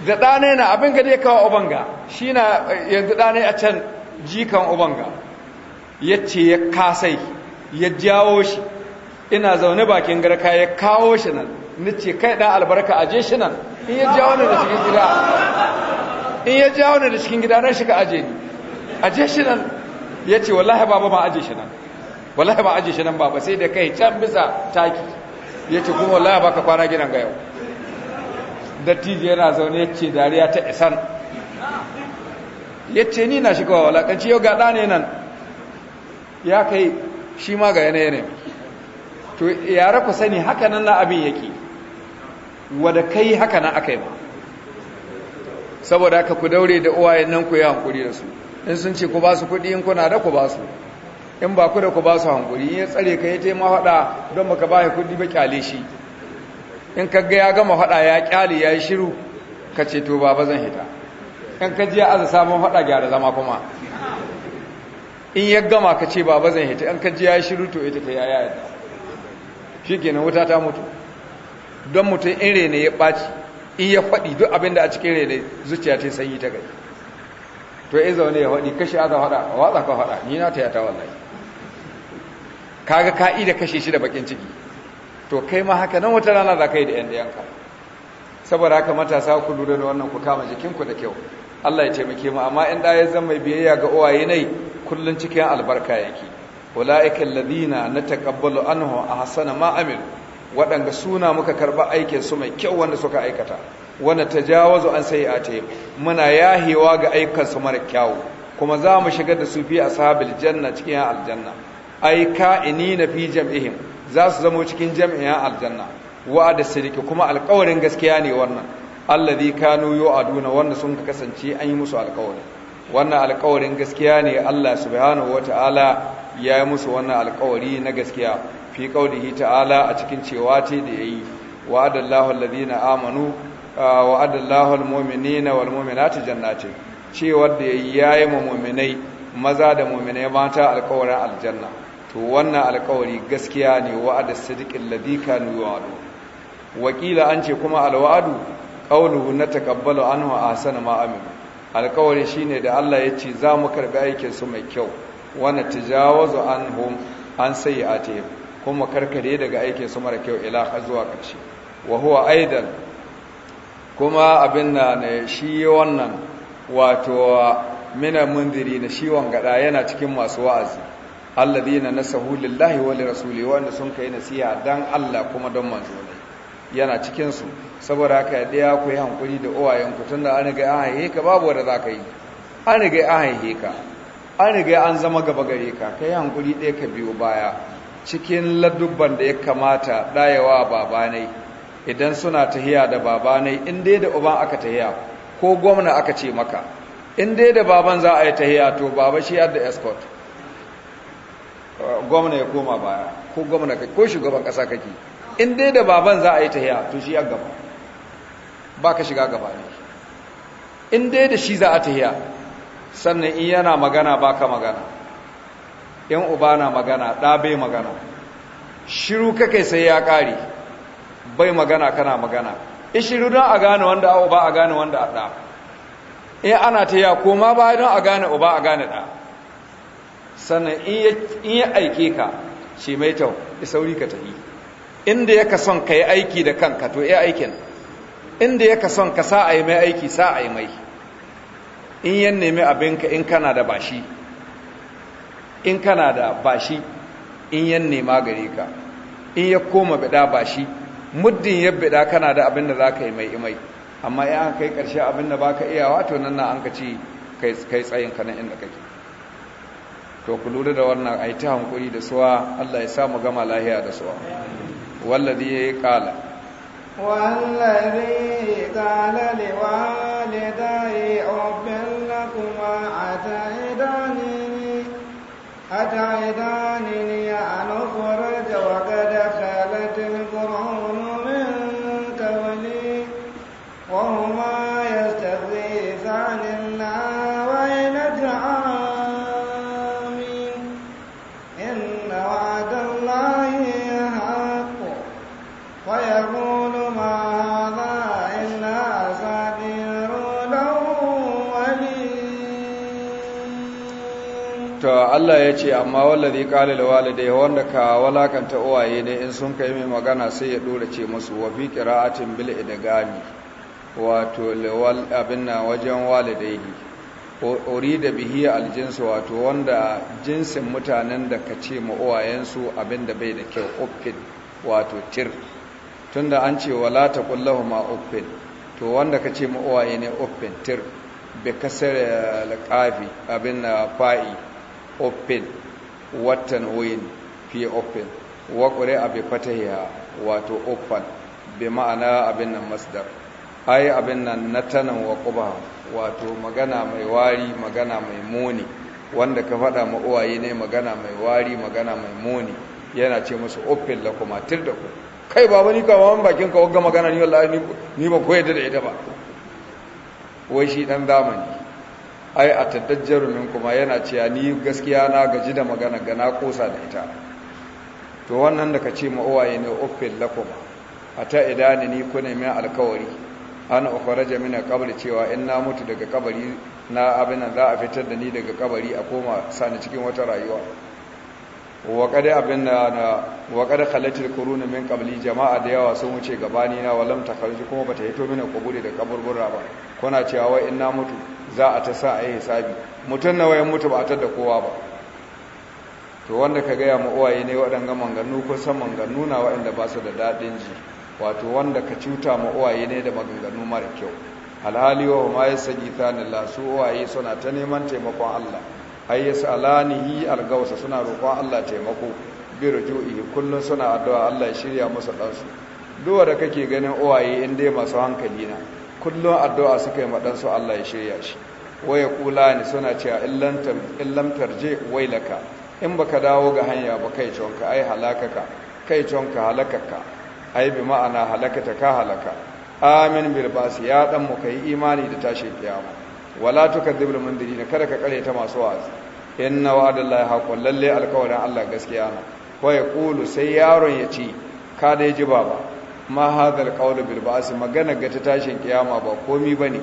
da ɗane na abin ga dai kawo obanga shi na yanzu ɗane a can jikan obanga ya ce ya kasai ya jawo shi ina zaune bakin garka ya kawo shi nan ni ce kai da albarka aje shi nan in ya jawo ni da cikin gida in ya jawo ni da cikin gida na shiga aje ni aje shi nan ya ce wallahi baba ma aje shi nan wallahi ba aje shi nan baba sai da kai can bisa taki ya ce kuma wallahi baka kwana gidan ga yau dattijo yana zaune ya ce dariya ta isan ya ce ni na shiga wa walakanci yau ga ɗane nan ya kai shi ma ga yanayi ne to yare ku sani haka nan na abin yake wada kai haka nan aka yi ba saboda haka ku daure da uwayen nan ku yi hankuri da su in sun ce ku ba su kuɗi in kuna da ku ba su in ba ku da ku ba su hankuri in ya tsare ka ya taima haɗa don baka ba ya kuɗi ba kyale shi in ka ga ya gama haɗa ya kyale ya yi shiru ka ce to ba ba zan hita in ka ji ya aza sabon haɗa gyara zama kuma in ya gama ka ce ba ba zan hita in ka ji ya yi shiru to ita ta yaya yadda shi kenan wuta ta mutu don mutum in rene ya ɓaci in ya faɗi duk abin da a cikin rene zuciya ta sanyi ta gari to ya zaune ya faɗi kashe aka faɗa a watsa ka faɗa ni na taya ta wallahi kaga ka'i da kashe shi da bakin ciki to kai ma haka nan wata rana za ka yi da yan ɗayanka saboda haka matasa ku lura da wannan ku kama jikinku da kyau Allah ya taimake mu amma in ɗaya zan mai biyayya ga uwaye nai kullun cikin albarka yake ulaika alladhina nataqabbalu anhu ahsana ma amil waɗanda suna muka karɓa aikinsu mai kyau wanda suka aikata wanda tajawazu an sayyi'ati muna yahewa ga aikan su mara kyau kuma za mu shigar da su fi sabil janna cikin aljanna ay na fi jam'ihim za su zama cikin jam'iyan aljanna wa'ada sidiki kuma alƙawarin gaskiya ne wannan allazi kanu yu'aduna wanda sun kasance an yi musu alƙawari wannan alƙawarin gaskiya ne Allah subhanahu wataala ya yi musu wannan alkawari na gaskiya fi qaulihi ta'ala a cikin cewa ce da yayi wa'adallahu alladhina amanu wa'adallahu almu'minina walmu'minati jannati cewar da yayi yayi mu mu'minai maza da mu'minai mata alkawarin aljanna to wannan alkawari gaskiya ne wa'ada sadiqil ladhi kanu yu'adu wakila an ce kuma alwa'adu qawluhu nataqabbalu anhu ahsana ma amilu alkawari shine da Allah ya ce za mu karbi aikin su mai kyau wani tijawazu an hum an sai a te kuma karkare daga aikin su mara kyau ila zuwa ƙarshe wa huwa aidan kuma abin na na shi wannan wato mina mundiri na shi wangada yana cikin masu wa'azi na nasahu lillahi wa lirasuli wanda sun kai nasiha dan Allah kuma don manzo ne yana cikinsu. saboda haka daya ku yi hankuri da uwayen ku tunda an riga an haihe ka babu wanda zaka yi an riga an haihe ka an riga an zama gaba gare ka kai hankuri ɗaya ka biyo baya cikin ladubban da ya kamata ɗayawa babanai idan suna tahiya da babanai in dai da uban aka tahiya ko gwamna aka ce maka in dai da baban za a yi tahiya to baba shi yadda escort gwamna ya koma baya ko gwamna ko shugaban ƙasa kake in dai da baban za a yi tahiya to shi ya gaba ba ka shiga gaba ne in dai da shi za a tahiya sannan in yana magana baka magana in uba na magana ɗa bai magana shiru kakai sai ya ƙari bai magana kana magana in shiru don a gane wanda a uba a gane wanda a ɗa in ana ta ya koma ba don a gane uba a gane ɗa sannan in ya aike ka ce mai kyau ya sauri ka tafi inda ya ka son ka yi aiki da kanka to ya aikin inda ya ka son ka sa a yi mai aiki sa a yi mai in yan nemi abinka in kana da bashi in kana da bashi in yan nema gare ka in ya koma bida bashi muddin ya bida kana da abin da za ka yi mai imai amma ya an kai ƙarshe abin da ba ka iya wato nan na an ka ci kai tsayin ka na inda kake to ku lura da wannan a yi ta hankuri da suwa allah ya samu gama lahiya da suwa wallazi ya yi ƙala wallazi ƙala liwalidai obin أتعدانني أتعدانني أن أخرج وقد خلت القرون من قبلي وهما Allah ya ce amma wallazi qala lil walidayhi wanda ka walakanta uwaye ne in sun kai mai magana sai ya dora ce musu wa fi qira'atin bil idgami wato lawal abinna wajen walidayhi urida bihi al jinsu wato wanda jinsin mutanen da ka ce ma uwayensu abinda bai da kyau uffin wato tir tunda an ce wala taqul ma uffin to wanda ka ce ma uwaye ne uffin tir bi kasar alqafi eh, abinna eh, fa'i open watan oyin fiye open wa ƙure abu fatahiya wato open bi ma'ana abin nan masdar ai abin nan na tanan wa ƙuba wato magana mai wari magana mai muni wanda ka faɗa ma uwaye ne magana mai wari magana mai muni yana ce musu open la kuma tir da ku kai ba wani ka maman bakin ka wagga magana ni wallahi ni ba koyar da ita ba wai shi dan zamani ai a taddajjar rumin kuma yana ce ni gaskiya na gaji da magana ga na kosa da ita to wannan da ka ce ma uwaye ne lakon a ta idani ni kuna min alkawari ana ukhraja min qabri cewa in na mutu daga kabari na abin za a fitar da ni daga kabari a koma sani cikin wata rayuwa waƙadai abin da na waƙadai halittar kuruna min qabli jama'a da yawa sun wuce gabani na walam takharuj kuma ba ta hito mina kuburi da kaburbura ba kuna cewa wai ina mutu za a ta sa a yi hisabi mutum na wayan mutu ba a da kowa ba to wanda ka gaya ma'uwaye uwaye ne waɗanga manganu ko san manganu na waɗanda ba su da daɗin ji wato wanda ka cuta ma uwaye ne da maganganu mara kyau alhali wa ma yasajithanillah su uwaye suna ta neman taimakon Allah ai yi algausa suna roƙon Allah taimako bi rujuihi kullun suna addu'a Allah ya shirya musu ɗansu duwa da kake ganin uwaye in dai masu hankali na kullun addu'a suka yi maɗansu Allah ya shirya shi waya kula ni suna cewa illam Wai wailaka in baka dawo ga hanya ba kai cionka ai halakaka kai cionka halakaka ai bi ma'ana halakata ka halaka amin bil ya dan mu yi imani da tashin kiyama wala tukadzibul mundirin kada ka kare ta masu wa'azi inna wa'adallahi haqqun lalle alkawarin Allah gaskiya na ya Kulu, sai yaron ya ci ka da ji baba ma hadal qawlu bil ba'si magana ga ta tashin kiyama ba komi bane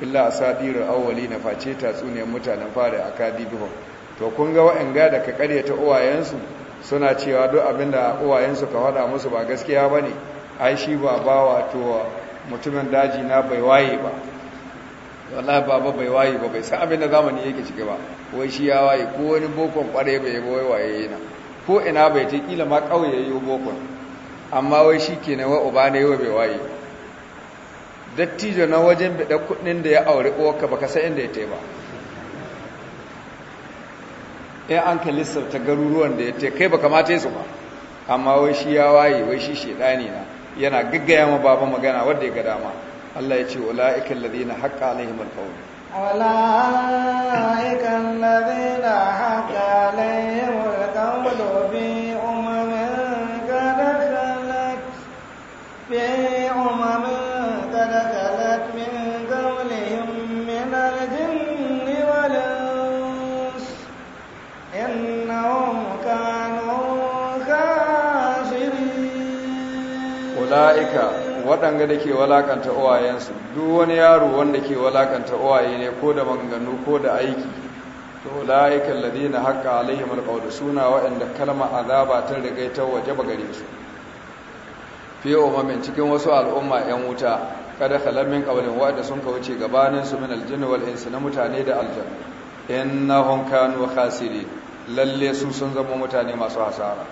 illa asadirul na face ta tsune mutanen fara akadibuhum to kun ga ga da ka kare ta uwayensu suna cewa duk abinda uwayensu ka faɗa musu ba gaskiya bane ai shi ba ba wato mutumin daji na bai waye ba wallahi baba bai waye ba bai san abin da zamani yake cike ba wai shi ya waye ko wani bokon kware bai ba wai waye yana ko ina bai ta kila ma kauye yayi bokon amma wai shi kenan wa uba ne wai bai waye dattijo na wajen bada kudin da ya aure uwarka baka san inda ya tai ba in an ka lissafta garuruwan da ya tai kai baka mata su ba amma wai shi ya waye wai shi shedani na yana gaggaya ma baba magana wanda ya ga dama Allah ya ce ula'ika allazina haqqa alaihim alqawl ula'ika allazina haqqa alaihim alqawl fi umamin qad khalat fi umamin qad khalat min qawlihim min al-jinn wal ins innahum kanu khasirin ula'ika waɗanga da ke walakanta uwayensu duk wani yaro wanda ke walakanta uwaye ne ko da manganu ko da aiki to la'aika alladhina haka alaihim alqawlu suna waɗanda kalma azaba ta riga ta waje ba gare su fi umamin cikin wasu al'umma yan wuta kada kalamin qawlin waɗanda sun ka wuce gabanin su min aljinni wal na mutane da aljan na kanu hasiri lalle su sun zama mutane masu hasara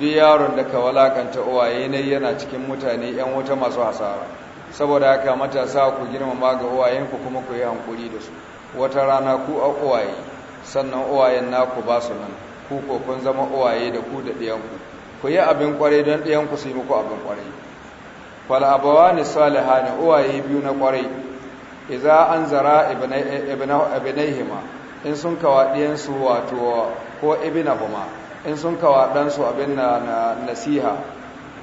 duk yaron da ka walakanta uwaye ne yana cikin mutane yan wuta masu hasara saboda haka matasa ku girmama ga uwayenku kuma ku yi hankuri da su wata rana ku a uwaye sannan uwayen naku ba su nan ku ko kun zama uwaye da ku da ɗiyanku ku yi abin kwarai don ɗiyanku su yi muku abin kwarai falabawa ne salihani uwaye biyu na kwarai iza an zara hima? in sun kawa ɗiyansu wato ko ibinahuma in sun kawa ɗansu abin na nasiha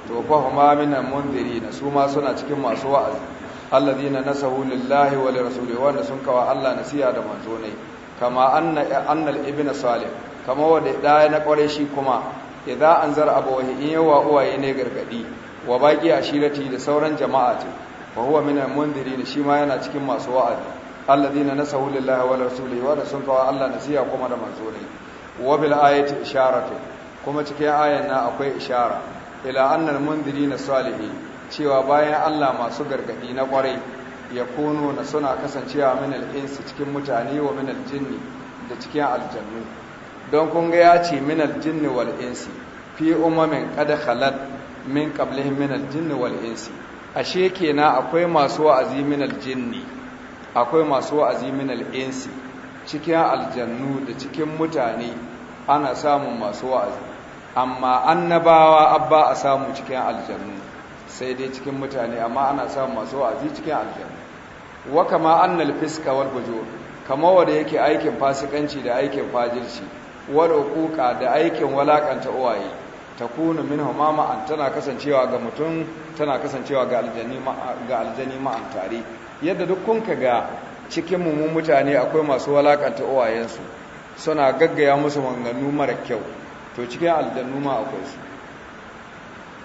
to fa huma mundiri na su ma suna cikin masu wa'azi na nasahu lillahi wa lirasulihi wanda sun kawa Allah nasiha da manzo ne kama anna annal ibn salih kama da daya na kware shi kuma idza anzar abawahi in yawa uwaye ne gargadi wa baqi ashirati da sauran jama'a ce fa huwa minal mundiri shi ma yana cikin masu wa'azi na nasahu lillahi wa lirasulihi wanda sun kawa Allah nasiha kuma da manzo ne wa bil ayati isharatu kuma cikin ayan nan akwai ishara ila annal mundirina salihin cewa bayan Allah masu gargadi na kwarai ya kono na suna kasancewa min al-insi cikin mutane wa min al-jinni da cikin aljannu don kun ga ya ce min al-jinni wal ins fi umamin qad khalat min qablihim min al-jinni wal ins ashe kenan akwai masu wa'azi min al-jinni akwai masu wa'azi min al-insi cikin aljannu da cikin mutane ana samun masu wa'azi amma annabawa abba a samu cikin aljannu sai dai cikin mutane amma ana samun masu wa'azi cikin aljannu wa kama annal fiska wal bujur kama wanda yake aikin fasikanci da aikin fajirci wal uquqa da aikin walakanta uwaye takunu minhu mama an tana kasancewa ga mutum tana kasancewa ga aljani ga aljani ma tare yadda duk kun ga cikin mummun mutane akwai masu walakanta uwayensu suna gaggaya musu manganu mara kyau to cikin aljannu ma akwai su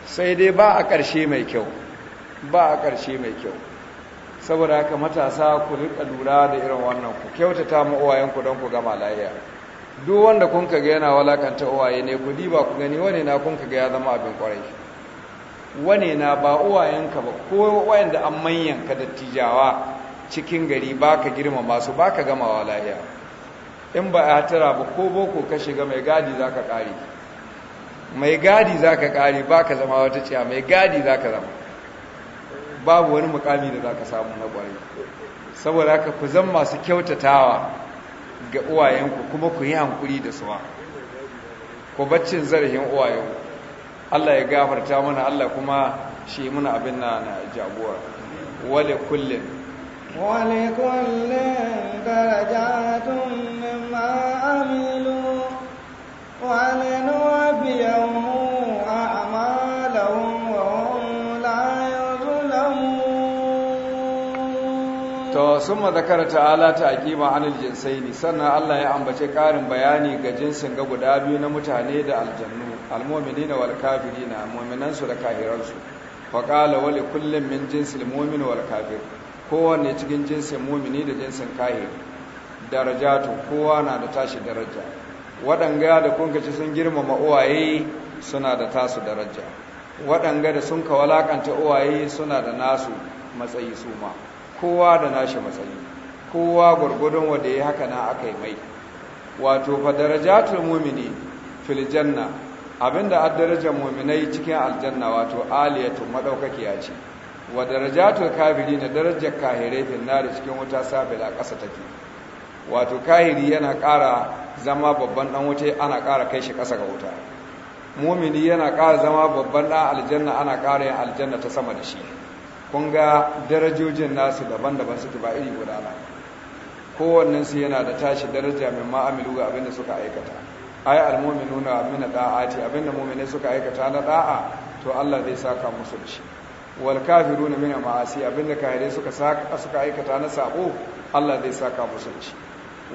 sai dai ba a ƙarshe mai kyau ba a ƙarshe mai kyau saboda haka matasa ku riƙa lura da irin wannan ku kyautata ma uwayenku don ku gama lafiya duk wanda kun kaga yana walakanta uwaye ne ku diba ku gani wani na kun kaga ya zama abin kwarai wani na ba uwayenka ba ko wayanda an manyan ka dattijawa cikin gari ba ka baka girmama ka gama gamawa lahiya in ba a tara ba ko boko ka shiga mai gadi za ka kare mai gadi za zaka kare ka zama wata ciya mai gadi za ka zama babu wani mukami da za ka samu na ƙwari saboda haka ku zan masu kyautatawa ga uwayenku kuma ku yi hankuri da suwa ku baccin zarafin uwayenku Allah ya gafarta mana Allah kuma shi muna abin na jagora wale kullum ولكل درجات مما عملوا ولنوفيهم أعمالهم وهم لا يظلمون summa ta'ala 'anil jinsaini sannan Allah ya ambace ƙarin bayani ga jinsin ga guda biyu na mutane da aljannu almu'minina wal kafirina mu'minansu da kafiransu fa qala kullum min jinsin mu'min wal kowanne cikin jinsin mumini da jinsin kahiri darajatu kowa na da tashi daraja waɗanga da kun sun girmama uwaye suna da tasu daraja waɗanga da sun kawalakanta uwaye suna da nasu matsayi su ma kowa da nashi matsayi kowa gwargwadon wanda ya haka na aka yi mai wato fa darajatul mumini fil janna abinda a darajar muminai cikin aljanna wato aliyatu madaukakiya ce wa darajatul kafiri na darajar kahirai finnari cikin wuta sabila ƙasa take wato kahiri yana ƙara zama babban ɗan wuta ana ƙara kai shi ƙasa ga wuta mumini yana ƙara zama babban ɗan aljanna ana ƙara yin aljanna ta sama da shi kun ga darajojin nasu daban-daban suke ba iri guda na kowannen su yana da tashi daraja mai ma'amilu ga abin da suka aikata ai almu'minuna min da'ati abin da mu'mini suka aikata na da'a to Allah zai saka musu da shi wal kafiruna min ma'asi abinda kafirai suka saka suka aikata na sabo Allah zai saka musu shi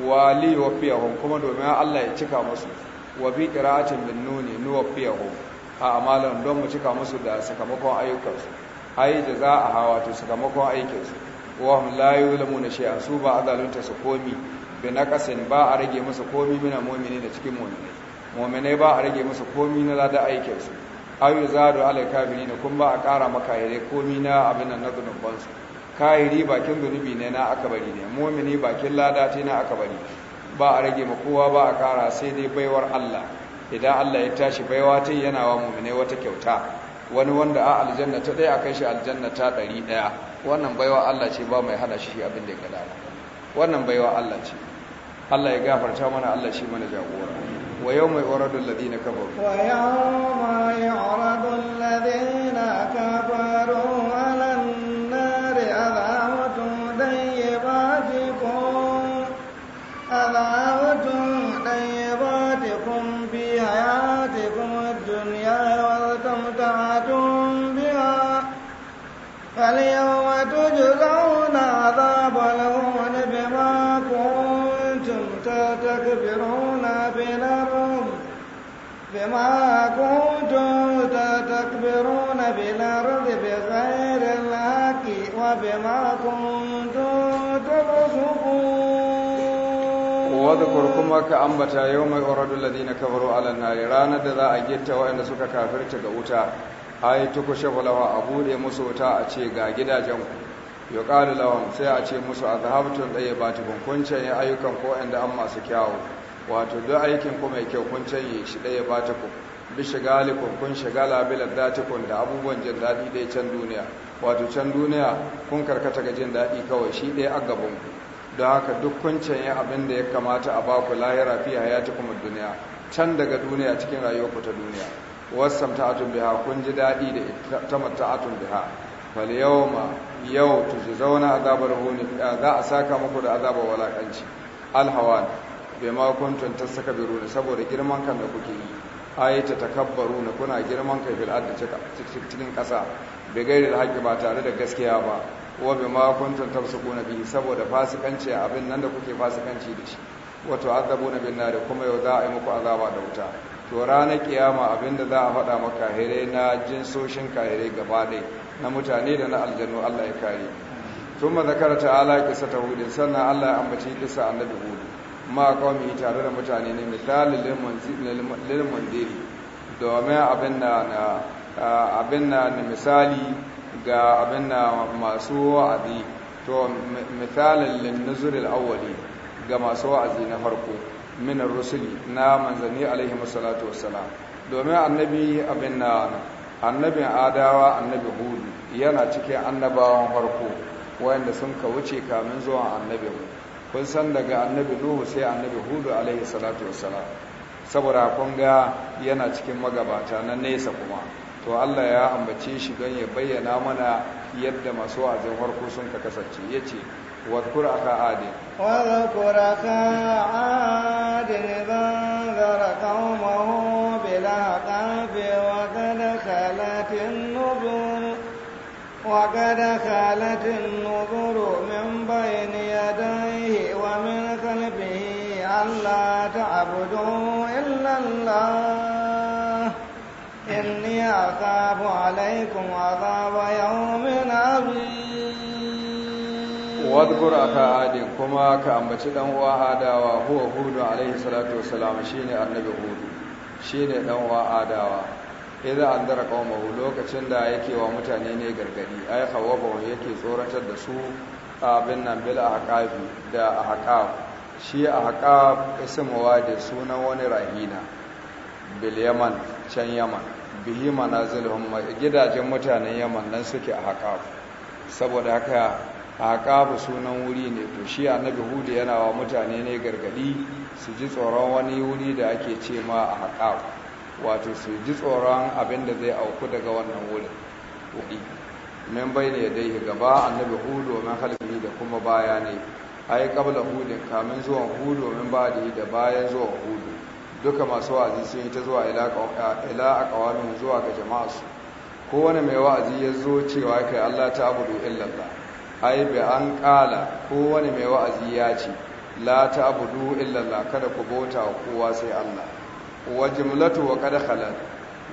wa li kuma domin Allah ya cika musu wa bi qira'atin min nuni nuwaffiyahum a amalan don mu cika musu da sakamakon ayyukansu ai da za a hawa to sakamakon aikinsu wa hum la yulamuna shay'a su ba azalunta su komi bi naqasin ba a rage musu komi mina mu'mini da cikin mu'mini mu'mini ba a rage musu komi na lada aikinsu aw da ala kafirin kuma ba a ƙara maka yare komi na abin nan na zunuban su kahiri bakin zunubi ne na aka bari ne Momini bakin lada ce na aka bari ba a rage ma kowa ba a ƙara sai dai baiwar Allah idan Allah ya tashi baiwa ta yana wa mu'mine wata kyauta wani wanda a aljanna ta ɗaya a kai shi aljanna ta ɗari ɗaya wannan baiwa Allah ce ba mai hana shi abin da ya gada wannan baiwa Allah ce Allah ya gafarta mana Allah shi mana jagora wa yau mai oradun ladina kafaru wa yau mai oradun ladina kafaru wadhkur kuma ka ambata yau mai yuradul ladina kabaru ala nari ranar da za a gitta waɗanda suka kafirta ga wuta ai tukushafu lahum a bude musu wuta a ce ga gidajen ku ƙari lawan sai a ce musu "a ba dayyibatukum kun canye ayyukan ko inda an masu kyawu wato duk aikin ku mai kyau kun canye shi ɗaya ba ku. bi shigalikun kun shigala bi kun da abubuwan jin daɗi dai can duniya wato can duniya kun karkata ga jin daɗi kawai shi ɗaya a gabanku don haka duk kuncin ya abin da ya kamata a baku lahira fi hayati kuma duniya can daga duniya cikin rayuwarku ta duniya wasan ta'atun biha kun ji daɗi da ita ta ta'atun biha fal yawma yau tujzauna azabar huni za a saka muku da azabar walakanci alhawan saka biro ne saboda girman kan da kuke yi takabbaru na kuna girman kai fil'ad da cikin ƙasa bai da haƙƙi ba tare da gaskiya ba wa bima kuntum tafsukuna bihi saboda fasikanci abin nan da kuke fasikanci da shi wato azabuna bin nar kuma yau za a yi muku azaba da wuta to ranar kiyama abin da za a faɗa maka hire na jinsoshin kahire gaba ɗaya na mutane da na aljanu Allah ya kare thumma zakara ta'ala qissata hudu sannan Allah ya ambaci kissa annabi hud ma kawai tare da mutane ne misalin lil domin abin na na misali ga abin da masu wa'azi to misalin linnuzuri al’awali ga masu wa'azi na farko minar rusuli na manzanni alaihi masalatu wassalam domin annabi abin na annabin adawa annabi hudu yana cikin annabawan farko wayanda sun ka wuce kamin zuwan annabi kun san daga annabi nuhu sai annabi hudu alaihi salatu wassalam saboda kun yana cikin magabata na nesa kuma to Allah ya ambace shi don ya bayyana mana yadda masu wa'azin farko sun ka kasance ya ce wadkura ka adi wadkura ka ne ban zara kawo bila kafe wa gada kalatin nubun wa gada kalatin nuburu min bayan yadaihi wa min kalbihi Allah ta abudu illallah أخاف عليكم عذاب يوم عظيم واذكر أخا عاد كما كأمبتي دان uwa adawa huwa hud alaihi salatu wassalam shine annabi hud shine dan uwa adawa idan an dara qaumahu lokacin da yake wa mutane ne gargadi ai khawaba yake tsoratar da su abin nan da shi a haƙa da sunan wani rahina Bilyaman can yaman bihi manazilhum gidajen mutanen yaman nan suke a Haqab saboda haka Haqab sunan wuri ne to shi annabi hudu yana wa mutane ne gargadi su ji tsoron wani wuri da ake ce ma a Haqab wato su ji tsoron abin da zai auku daga wannan wuri wuri men bai ne dai gaba annabi hudu domin halifi da kuma baya ne ai kabla hudu kamin zuwan hudu min ba da bayan zuwan hudu duka masu wa'azi sun yi ta zuwa ila a kawamin zuwa ga ko kowane mai wa'azi ya zo cewa kai Allah ta abudu illallah ai bi an ƙala kowane mai wa'azi ya ce la ta abudu illallah kada ku bauta wa kowa sai Allah wa jimlatu wa kada halal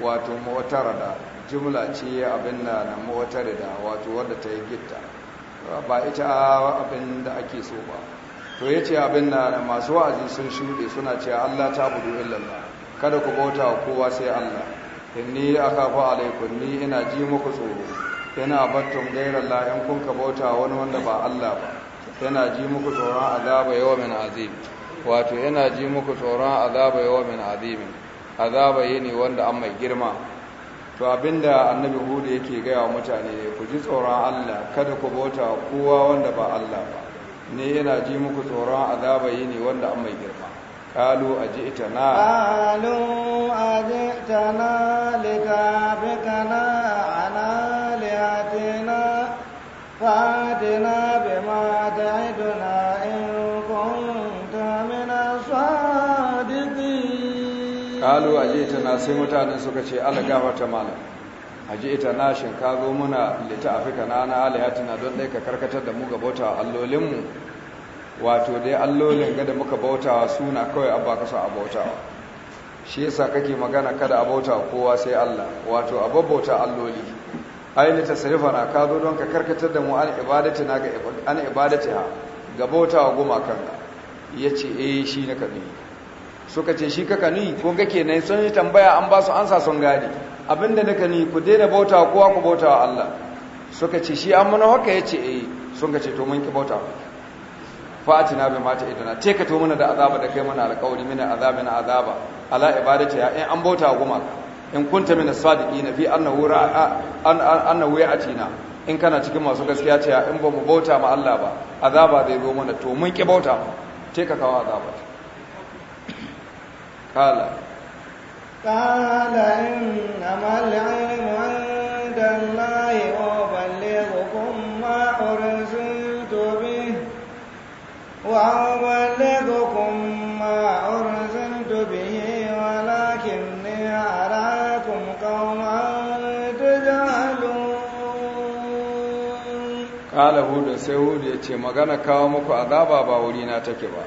wato mu'tarada jimla ce abin da na mu'tarada wato wadda ta yi gitta ba ita abin da ake so ba to ya ce abin na masu wa'azi sun shuɗe suna ce Allah ta budu illallah kada ku bauta kowa sai Allah inni akhafu alaikum ni ina ji muku tsoro yana battum gairar in kun ka bauta wani wanda ba Allah ba yana ji muku tsoron azaba yawmin azim wato yana ji muku tsoron azaba yawmin azim azaba yini wanda an mai girma to abinda annabi hudu yake gaya wa mutane ku ji tsoron Allah kada ku bauta kowa wanda ba Allah ba ne yana ji muku tsoron azaba yi ne wanda an mai girma kalu a ji ita na kalu a ji ita na litafi na ana liyatina na bi ma ta na in kunta mina sadiqi kalu a ji ita na sai mutane suka ce ala gafata malam haji ita na shinkazo muna lita afirka na na alihatina don dai ka karkatar da mu bauta a allolinmu wato dai allolin ga da muka bautawa suna kawai abba kasa a bautawa shi yasa kake magana kada a bauta kowa sai Allah wato a babbauta alloli aini tasarifa na ka zo don ka karkatar da mu an ibadati na ga an ibadati ha ga bautawa ya yace eh shi na kabi suka ce shi ka ni ko kake ne sun yi tambaya an ba su ansa sun gadi abinda naka ni ku daina bauta kowa ku bauta wa Allah suka ce shi an mana haka yace eh sun ka ce to mun ki bauta fa'atina bi mata idana te ka to mana da azaba da kai muna alƙawari mina azabin azaba ala ibadati ya in an bauta goma in kunta min as-sadiqin fi annahu ra annahu atina in kana cikin masu gaskiya ce in ba mu bauta ma Allah ba azaba zai zo mana to mun ki bauta te ka kawo azaba kala Ka daina mallayyawan lallai, ko ba kuma aurasan dubi, sai hudu ya ce magana kawo mako azaba ba wuri na take ke ba.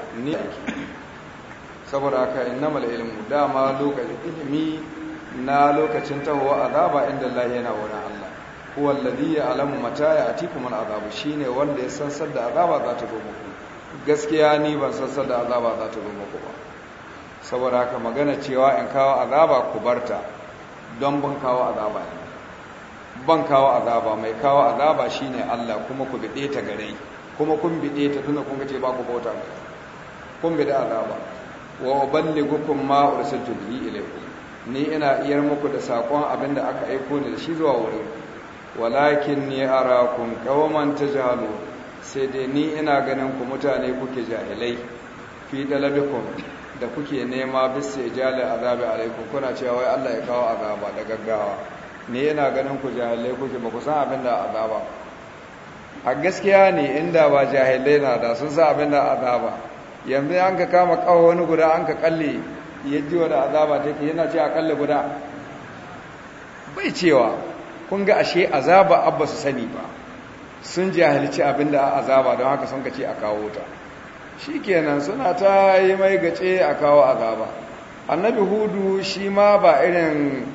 saboda haka innamal ilmu dama lokacin ilimi na lokacin tahowa azaba inda Allah yana wurin Allah huwa alladhi ya'lamu mata ya'tikum al'azabu shine wanda ya san sadda azaba za ta zo muku gaskiya ni ban san sadda azaba za ta zo muku ba saboda haka magana cewa in kawo azaba ku barta don ban kawo azaba ne ban kawo azaba mai kawo azaba shine Allah kuma ku bide ta gare kuma kun bide ta tunda kun ga ce ba ku bauta mai kun bide azaba wa uballigukum ma ursiltu bihi ilaykum ni ina iyar muku da sakon abinda aka aiko ni da shi zuwa wurin walakin ni arakum qauman tajhalu sai dai ni ina ganin ku mutane kuke jahilai fi dalabikum da kuke nema bisa ijala azabi alaikum kuna cewa wai Allah ya kawo azaba da gaggawa ni ina ganin ku jahilai kuke ba ku san abinda azaba a gaskiya ne inda ba jahilai na da sun san abinda azaba yanzu an ka kama kawo wani guda an ka kalle ya ji wani azaba take yana ce a kalle guda bai cewa kun ga ashe azaba abba su sani ba sun jahilci abin da azaba don haka sun ka ce a kawo ta shi kenan suna ta yi mai gace a kawo azaba annabi hudu shi ma ba irin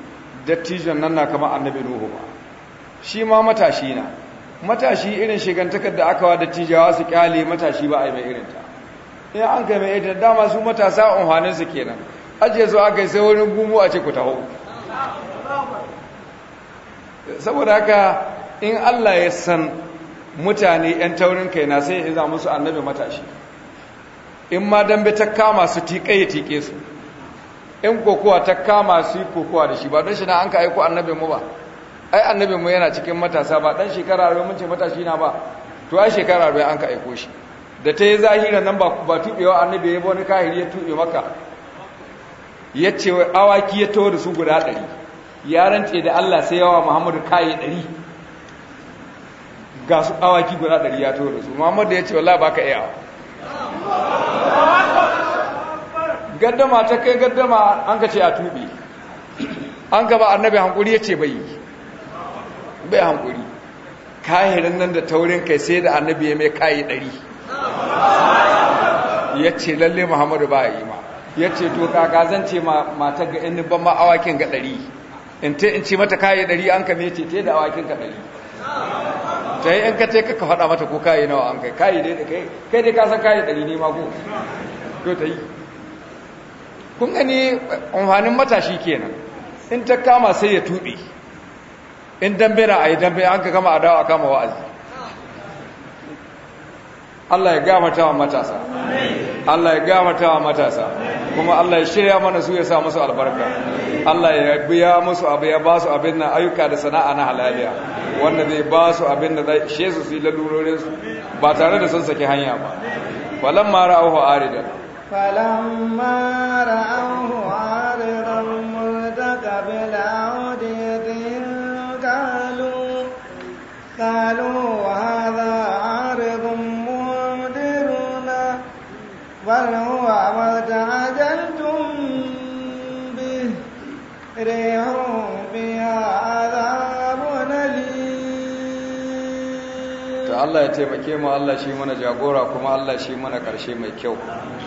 dattijon nan na kama annabi nuhu ba shi ma matashi na matashi irin shigantakar da aka wa dattijawa su kyale matashi ba a yi mai irinta in an kai mai ita dama su matasa unhanin su kenan ajiye su aka yi sai wani gumu a ce ku taho saboda haka in Allah ya san mutane 'yan taurin kai na sai ya iza musu annabi matashi in ma dambe ta kama su tiƙe ya tiƙe su in kokowa ta kama su yi kokowa da shi ba don shi na an ka aiko annabi mu ba ai annabi mu yana cikin matasa ba dan shekara rai mun ce matashi na ba to ai shekara rai an ka aiko shi da ta yi zahira nan ba tuɓewa annabi ya wani kahiri ya tuɓe maka ya ce awaki ya tawo da su guda ɗari ya rance da Allah sai yawa Muhammadu kayi ɗari ga su awaki guda ɗari ya tawo da su Muhammadu ya ce wala ba ka iya gaddama ta kai gaddama an ka ce a tuɓe an gaba annabi hankuri ya ce bai bai hankuri kahirin nan da taurin kai sai da annabi ya mai kayi ɗari ya ce lalle muhammadu ba a yi ma ya ce to kaga zan ce mata ga yan nubban ma awakin ga ɗari in te in ce mata kayi ɗari an ka mece te da awakin ka ɗari ta yi in ka ce kaka faɗa mata ko kayi nawa an kai kayi dai da kai kai dai ka kayi kaye ɗari ne ma ko to ta yi kun gani amfanin matashi kenan in ta kama sai ya tuɓe in dambe na a yi dambe an ka gama adawa kama wa'azi Allah ya gafarta wa matasa Allah ya gafarta wa matasa kuma Allah ya shirya mana su ya sa musu albarka Allah ya biya musu abu ya ba su abin nan ayyuka da sana'a na halaliya wanda zai ba su abin da zai she su yi lalurorin su ba tare da sun saki hanya ba falamma ra'ahu aridan falamma ra'ahu aridan murtaqabil awdiyati kalu kalu ريح فيها عذاب أليم الله يتبكي ما الله شي من جاغورا كما الله من كرشي mai kyau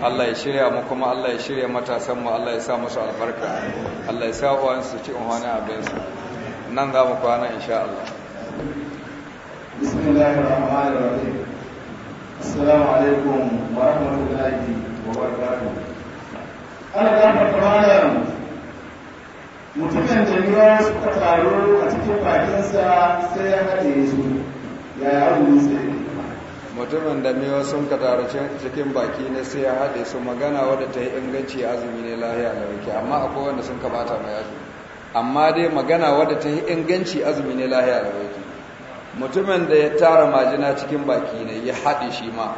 Allah ya shirya mu kuma Allah ya shirya matasan mu Allah ya sa musu albarka Allah ya sa uwan su ci a abin su nan za mu kwana sha Allah mutumin ya suka taro a cikin bakinsa sai ya haɗe su ya yi abin sai mutumin da mewa sun ka taru cikin baki ne sai ya haɗe su magana wadda ta yi inganci azumi ne lahiya na wake amma akwai wanda sun ka bata mai azumi amma dai magana wadda ta yi inganci azumi ne lahiya na wake mutumin da ya tara majina cikin baki ne ya haɗe shi ma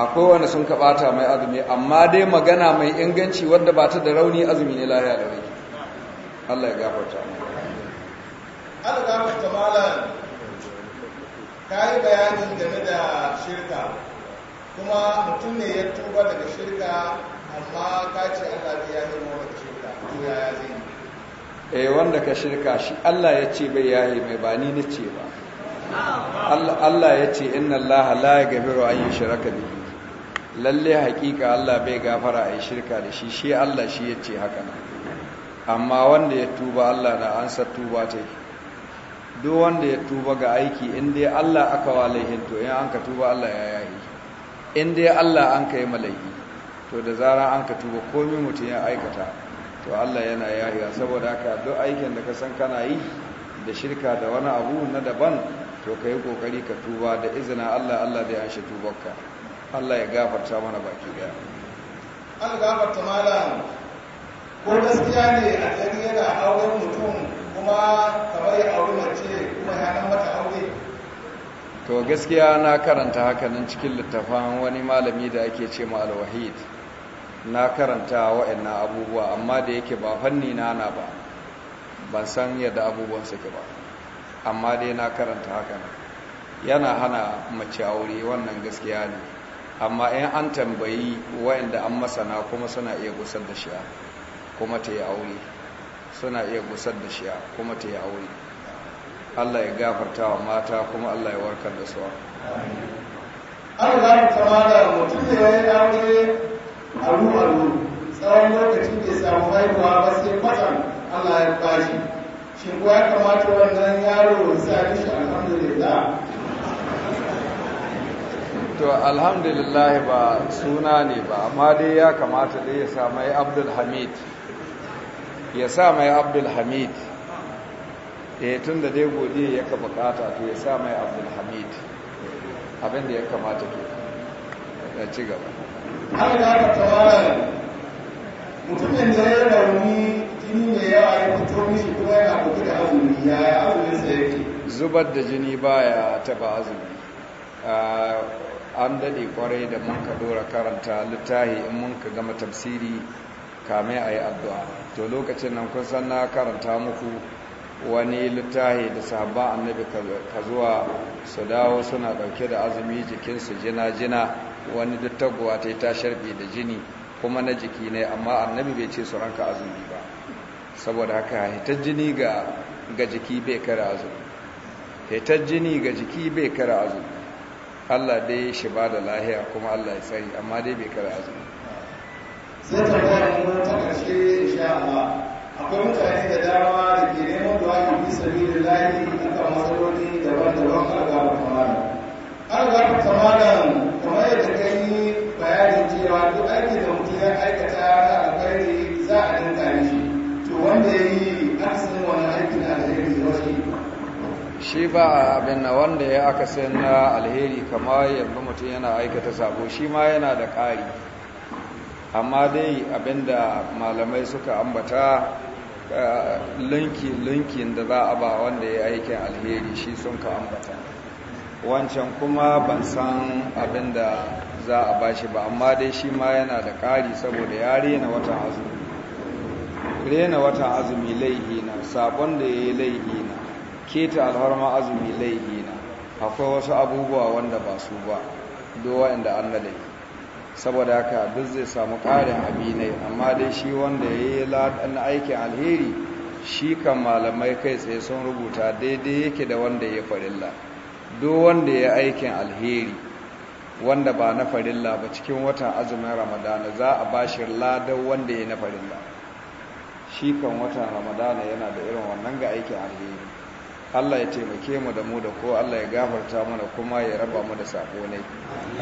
akwai wanda sun ka bata mai azumi amma dai magana mai inganci wadda ba ta da rauni azumi ne lahiya na wake Allah ya gafarta Allah ya gafarta malam kai bayanin game da shirka kuma mutum ne ya tuba daga shirka amma ka ce Allah ya yi mu da shirka to ya yi eh wanda ka shirka shi Allah ya ce bai yayi mai ba ni nace ba Allah ya ce inna Allah la yaghfiru an yushraka bihi lalle hakika Allah bai gafara a yi shirka da shi shi Allah shi ya ce haka amma wanda ya tuba Allah na ansa tuba ta yi duk wanda ya tuba ga aiki in dai Allah aka wa laihin to in an ka tuba Allah ya yayi in dai Allah an ka yi malaihi to da zara an ka tuba komai mutum ya aikata to Allah yana yayi saboda haka duk aikin da ka san kana yi da shirka da wani abu na daban to ka yi kokari ka tuba da izinin Allah Allah da ya shi tubarka Allah ya gafarta mana baki daya an gafarta malam ko gaskiya ne a gani yana auren mutum kuma kamar ya auri mace kuma ya nan mata aure to gaskiya na karanta hakanan cikin littafan wani malami da ake ce ma alwahid na karanta wa'annan abubuwa amma da yake ba fanni na na ba ban san yadda abubuwan suke ba amma dai na karanta hakan yana hana mace aure wannan gaskiya ne amma in an tambayi wa'anda an masana kuma suna iya gusar da shi kuma ta yi aure suna iya gusar da shiya kuma ta yi aure Allah ya gafarta wa mata kuma Allah ya warkar da su an za mu kamata mutum da ya yi aure a ruwa tsawon lokacin da ya samu haihuwa ba sai kwatan Allah ya bashi shi kuwa ya kamata wannan yaro sa mishi alhamdulillah to alhamdulillah ba suna ne ba amma dai ya kamata dai ya samu abdul hamid ya sa mai abdul hamid eh tun da dai godiya ya ka bukata to ya sa mai abdul hamid abinda ya kamata ke ya ci gaba haka da haka tawara mutumin da ya rauni jini ne ya yi kutomi mishi kuma yana fito da azumi ya yi da sa yake zubar da jini baya taba azumi ah, an daɗe kwarai da mun ka dora karanta littahi in mun ka gama tafsiri kame a yi addu'a to lokacin nan kun san na karanta muku wani littahi da sahaba annabi ka zuwa su dawo suna ɗauke da azumi jikinsu jina-jina wani duk ta yi ta sharfi da jini kuma na jiki ne amma annabi bai ce su ranka azumi ba saboda haka hitar jini ga jiki bai kara azumi hitar jini ga jiki bai kara azumi Allah dai shi ba da lahiya kuma Allah ya tsari amma dai bai kara azumi sai tambaya mu ta karshe insha Allah akwai mutane da dama da ke neman da wani bi sabilillahi akan matsaloli daban-daban a gaban kamala an gaban kamala kamar yadda kai yi bayanin cewa duk aiki da mutum ya aikata na alkhairi za a dinka shi to wanda ya yi akasin wani aiki aikin alheri ya wasu shi ba abin na wanda ya aka na alheri kama yadda mutum yana aikata sabo shi ma yana da ƙari amma dai abinda malamai suka ambata eh, linkin da za a ba wanda ya aikin alheri shi sun ka ambata wancan kuma ban san abinda za a ba shi ba amma dai shi ma yana da ƙari saboda ya rena watan azumi rena watan azumi laihi sabon da ya yi laihi keta alharma azumi laihi na akwai wasu abubuwa wanda ba su ba do inda an na saboda haka duk zai samu ƙarin abinai amma dai shi wanda ya yi na aikin alheri shi kan malamai kai tsaye sun rubuta daidai yake da wanda ya farilla duk wanda ya aikin alheri wanda ba na farilla ba cikin watan azumin ramadana za a ba shi wanda ya na farilla shi kan watan ramadana yana da irin wannan ga aikin alheri Allah ya taimake mu da mu da ko Allah ya gafarta mana kuma ya raba mu da sabo ne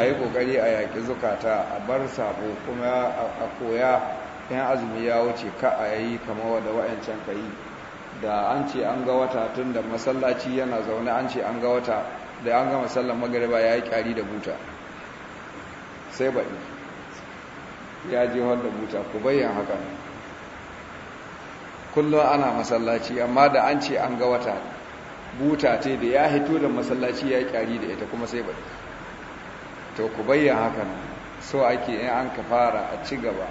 a yi kokari a yaƙi zukata a bar sabo kuma a koya yan azumi ya wuce ka a yi kama wadda wa'ancan ka yi da an ce an ga wata tun da masallaci yana zaune an ce an ga wata da an ga masallan magariba ya yi ƙari da buta sai baɗi ya je wanda buta ku bayyana haka kullum ana masallaci amma da an ce an ga wata buta ce da ya hito da masallaci ya kyari da ita kuma sai bari to ku bayyana hakan so ake in an ka fara a ci gaba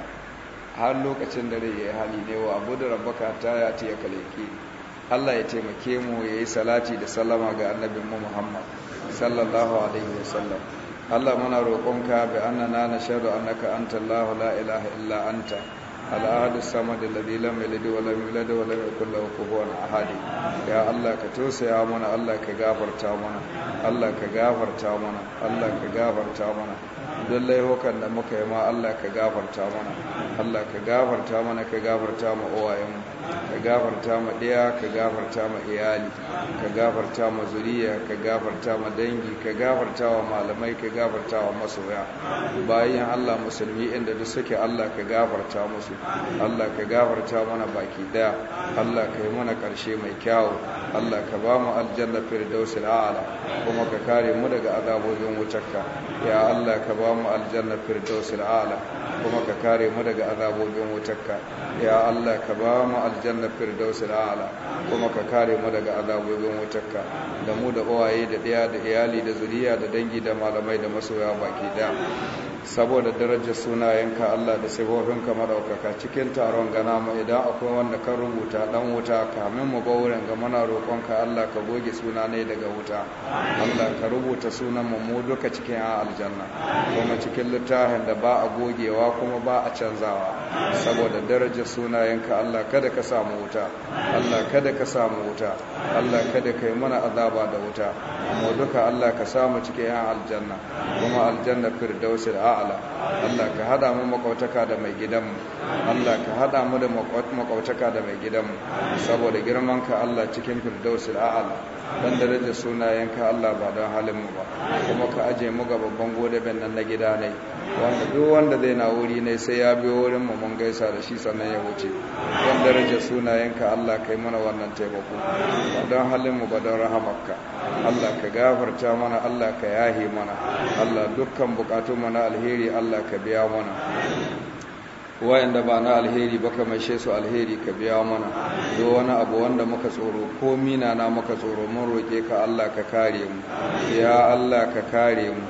har lokacin da rai ya yi hali ne wa abu da rabbaka ta ya ce ya kaleke Allah ya taimake mu ya yi salati da salama ga annabin mu Muhammad sallallahu alaihi wasallam Allah muna roƙonka bi annana nashhadu annaka anta Allahu la ilaha illa anta al'ahadu sama da lam yalid wa lam yulad wa lam yakul ya allah ka tausaya mana allah ka gafarta mana allah ka gafarta mana allah ka gafarta mana don laihukan da muka yi ma Allah ka gafarta mana Allah ka gafarta mana ka gafarta ma uwayenmu ka gafarta ma ɗaya ka gafarta ma iyali ka gafarta ma zuriya ka gafarta ma dangi ka gafarta wa malamai ka gafarta wa masoya bayan Allah musulmi inda duk suke Allah ka gafarta musu Allah ka gafarta mana baki ɗaya Allah ka yi mana ƙarshe mai kyawu Allah ka ba mu aljanna firdausil a'la kuma ka kare mu daga azabojin wucakka ya Allah ka ba mu mu aljanna firdausil ala kuma ka kare mu daga azabobin wutarka ya Allah ka ba mu aljanna firdausil ala kuma ka kare mu daga azabobin wutarka da mu da uwaye da ɗaya da iyali da zuriya da dangi da malamai da masoya baki da saboda darajar sunayenka Allah da sabobinka madaukaka cikin taron gana mu idan akwai wanda kan rubuta dan wuta kamin mu ba wurin ga muna roƙonka Allah ka goge suna ne daga wuta Allah ka rubuta sunan mu mu duka cikin aljanna mu cikin littafin da ba a gogewa kuma ba a canzawa saboda darajar sunayenka Allah kada ka samu wuta Allah kada ka samu wuta Allah kada ka yi mana azaba da wuta amma duka Allah ka samu cikin yan aljanna kuma aljanna da Aala. Allah ka hada mu makwataka da mai gidanmu Allah ka hada mu da makwataka da mai gidanmu saboda girman ka Allah cikin da Aala. don suna, yanka Allah ba don halinmu ba kuma ka aje mu ga babban godabin nan na gida ne wanda duk wanda zai na wuri ne sai ya biyo wurin mu mun gaisa da shi sannan ya wuce don suna, sunayenka Allah kai mana wannan taimako ba don halinmu ba don rahamakka Allah ka gafarta mana Allah ka yahi mana Allah dukkan mu na alheri Allah ka biya mana wayanda ba na alheri ba ka maishe su alheri ka biya mana do wani abu wanda muka tsoro ko mina na muka tsoro mun roƙe ka Allah ka kare mu ya Allah ka kare mu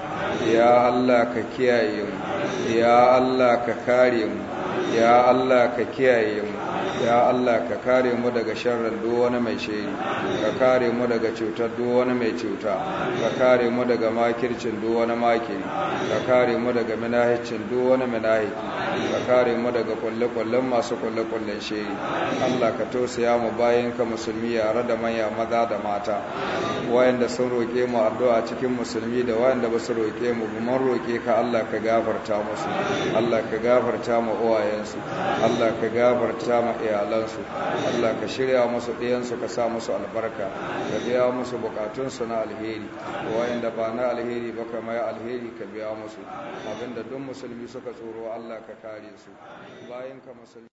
ya Allah ka kiyaye mu ya Allah ka kare mu ya Allah ka kiyaye mu ya Allah ka kare mu daga sharrin duk wani mai shiri ka kare mu daga cutar duk wani mai cuta ka kare mu daga makircin duk wani makiri ka kare mu daga minahicin duk wani minahiki ka kare mu daga kullukullun masu kullukullun kullen shiri Allah ka tausaya mu bayan ka musulmi yare da manya maza da mata wayanda sun roƙe mu addu'a cikin musulmi da wayanda ba su roƙe mu mun roƙe ka Allah ka gafarta musu Allah ka gafarta mu uwa uwayensu Allah ka gafarta ma iyalansu Allah ka shirya musu ɗiyansu ka sa musu albarka ka biya musu bukatunsu na alheri wa'inda ba na alheri ba ka mai alheri ka biya musu abinda duk musulmi suka tsoro Allah ka kare su bayan ka musulmi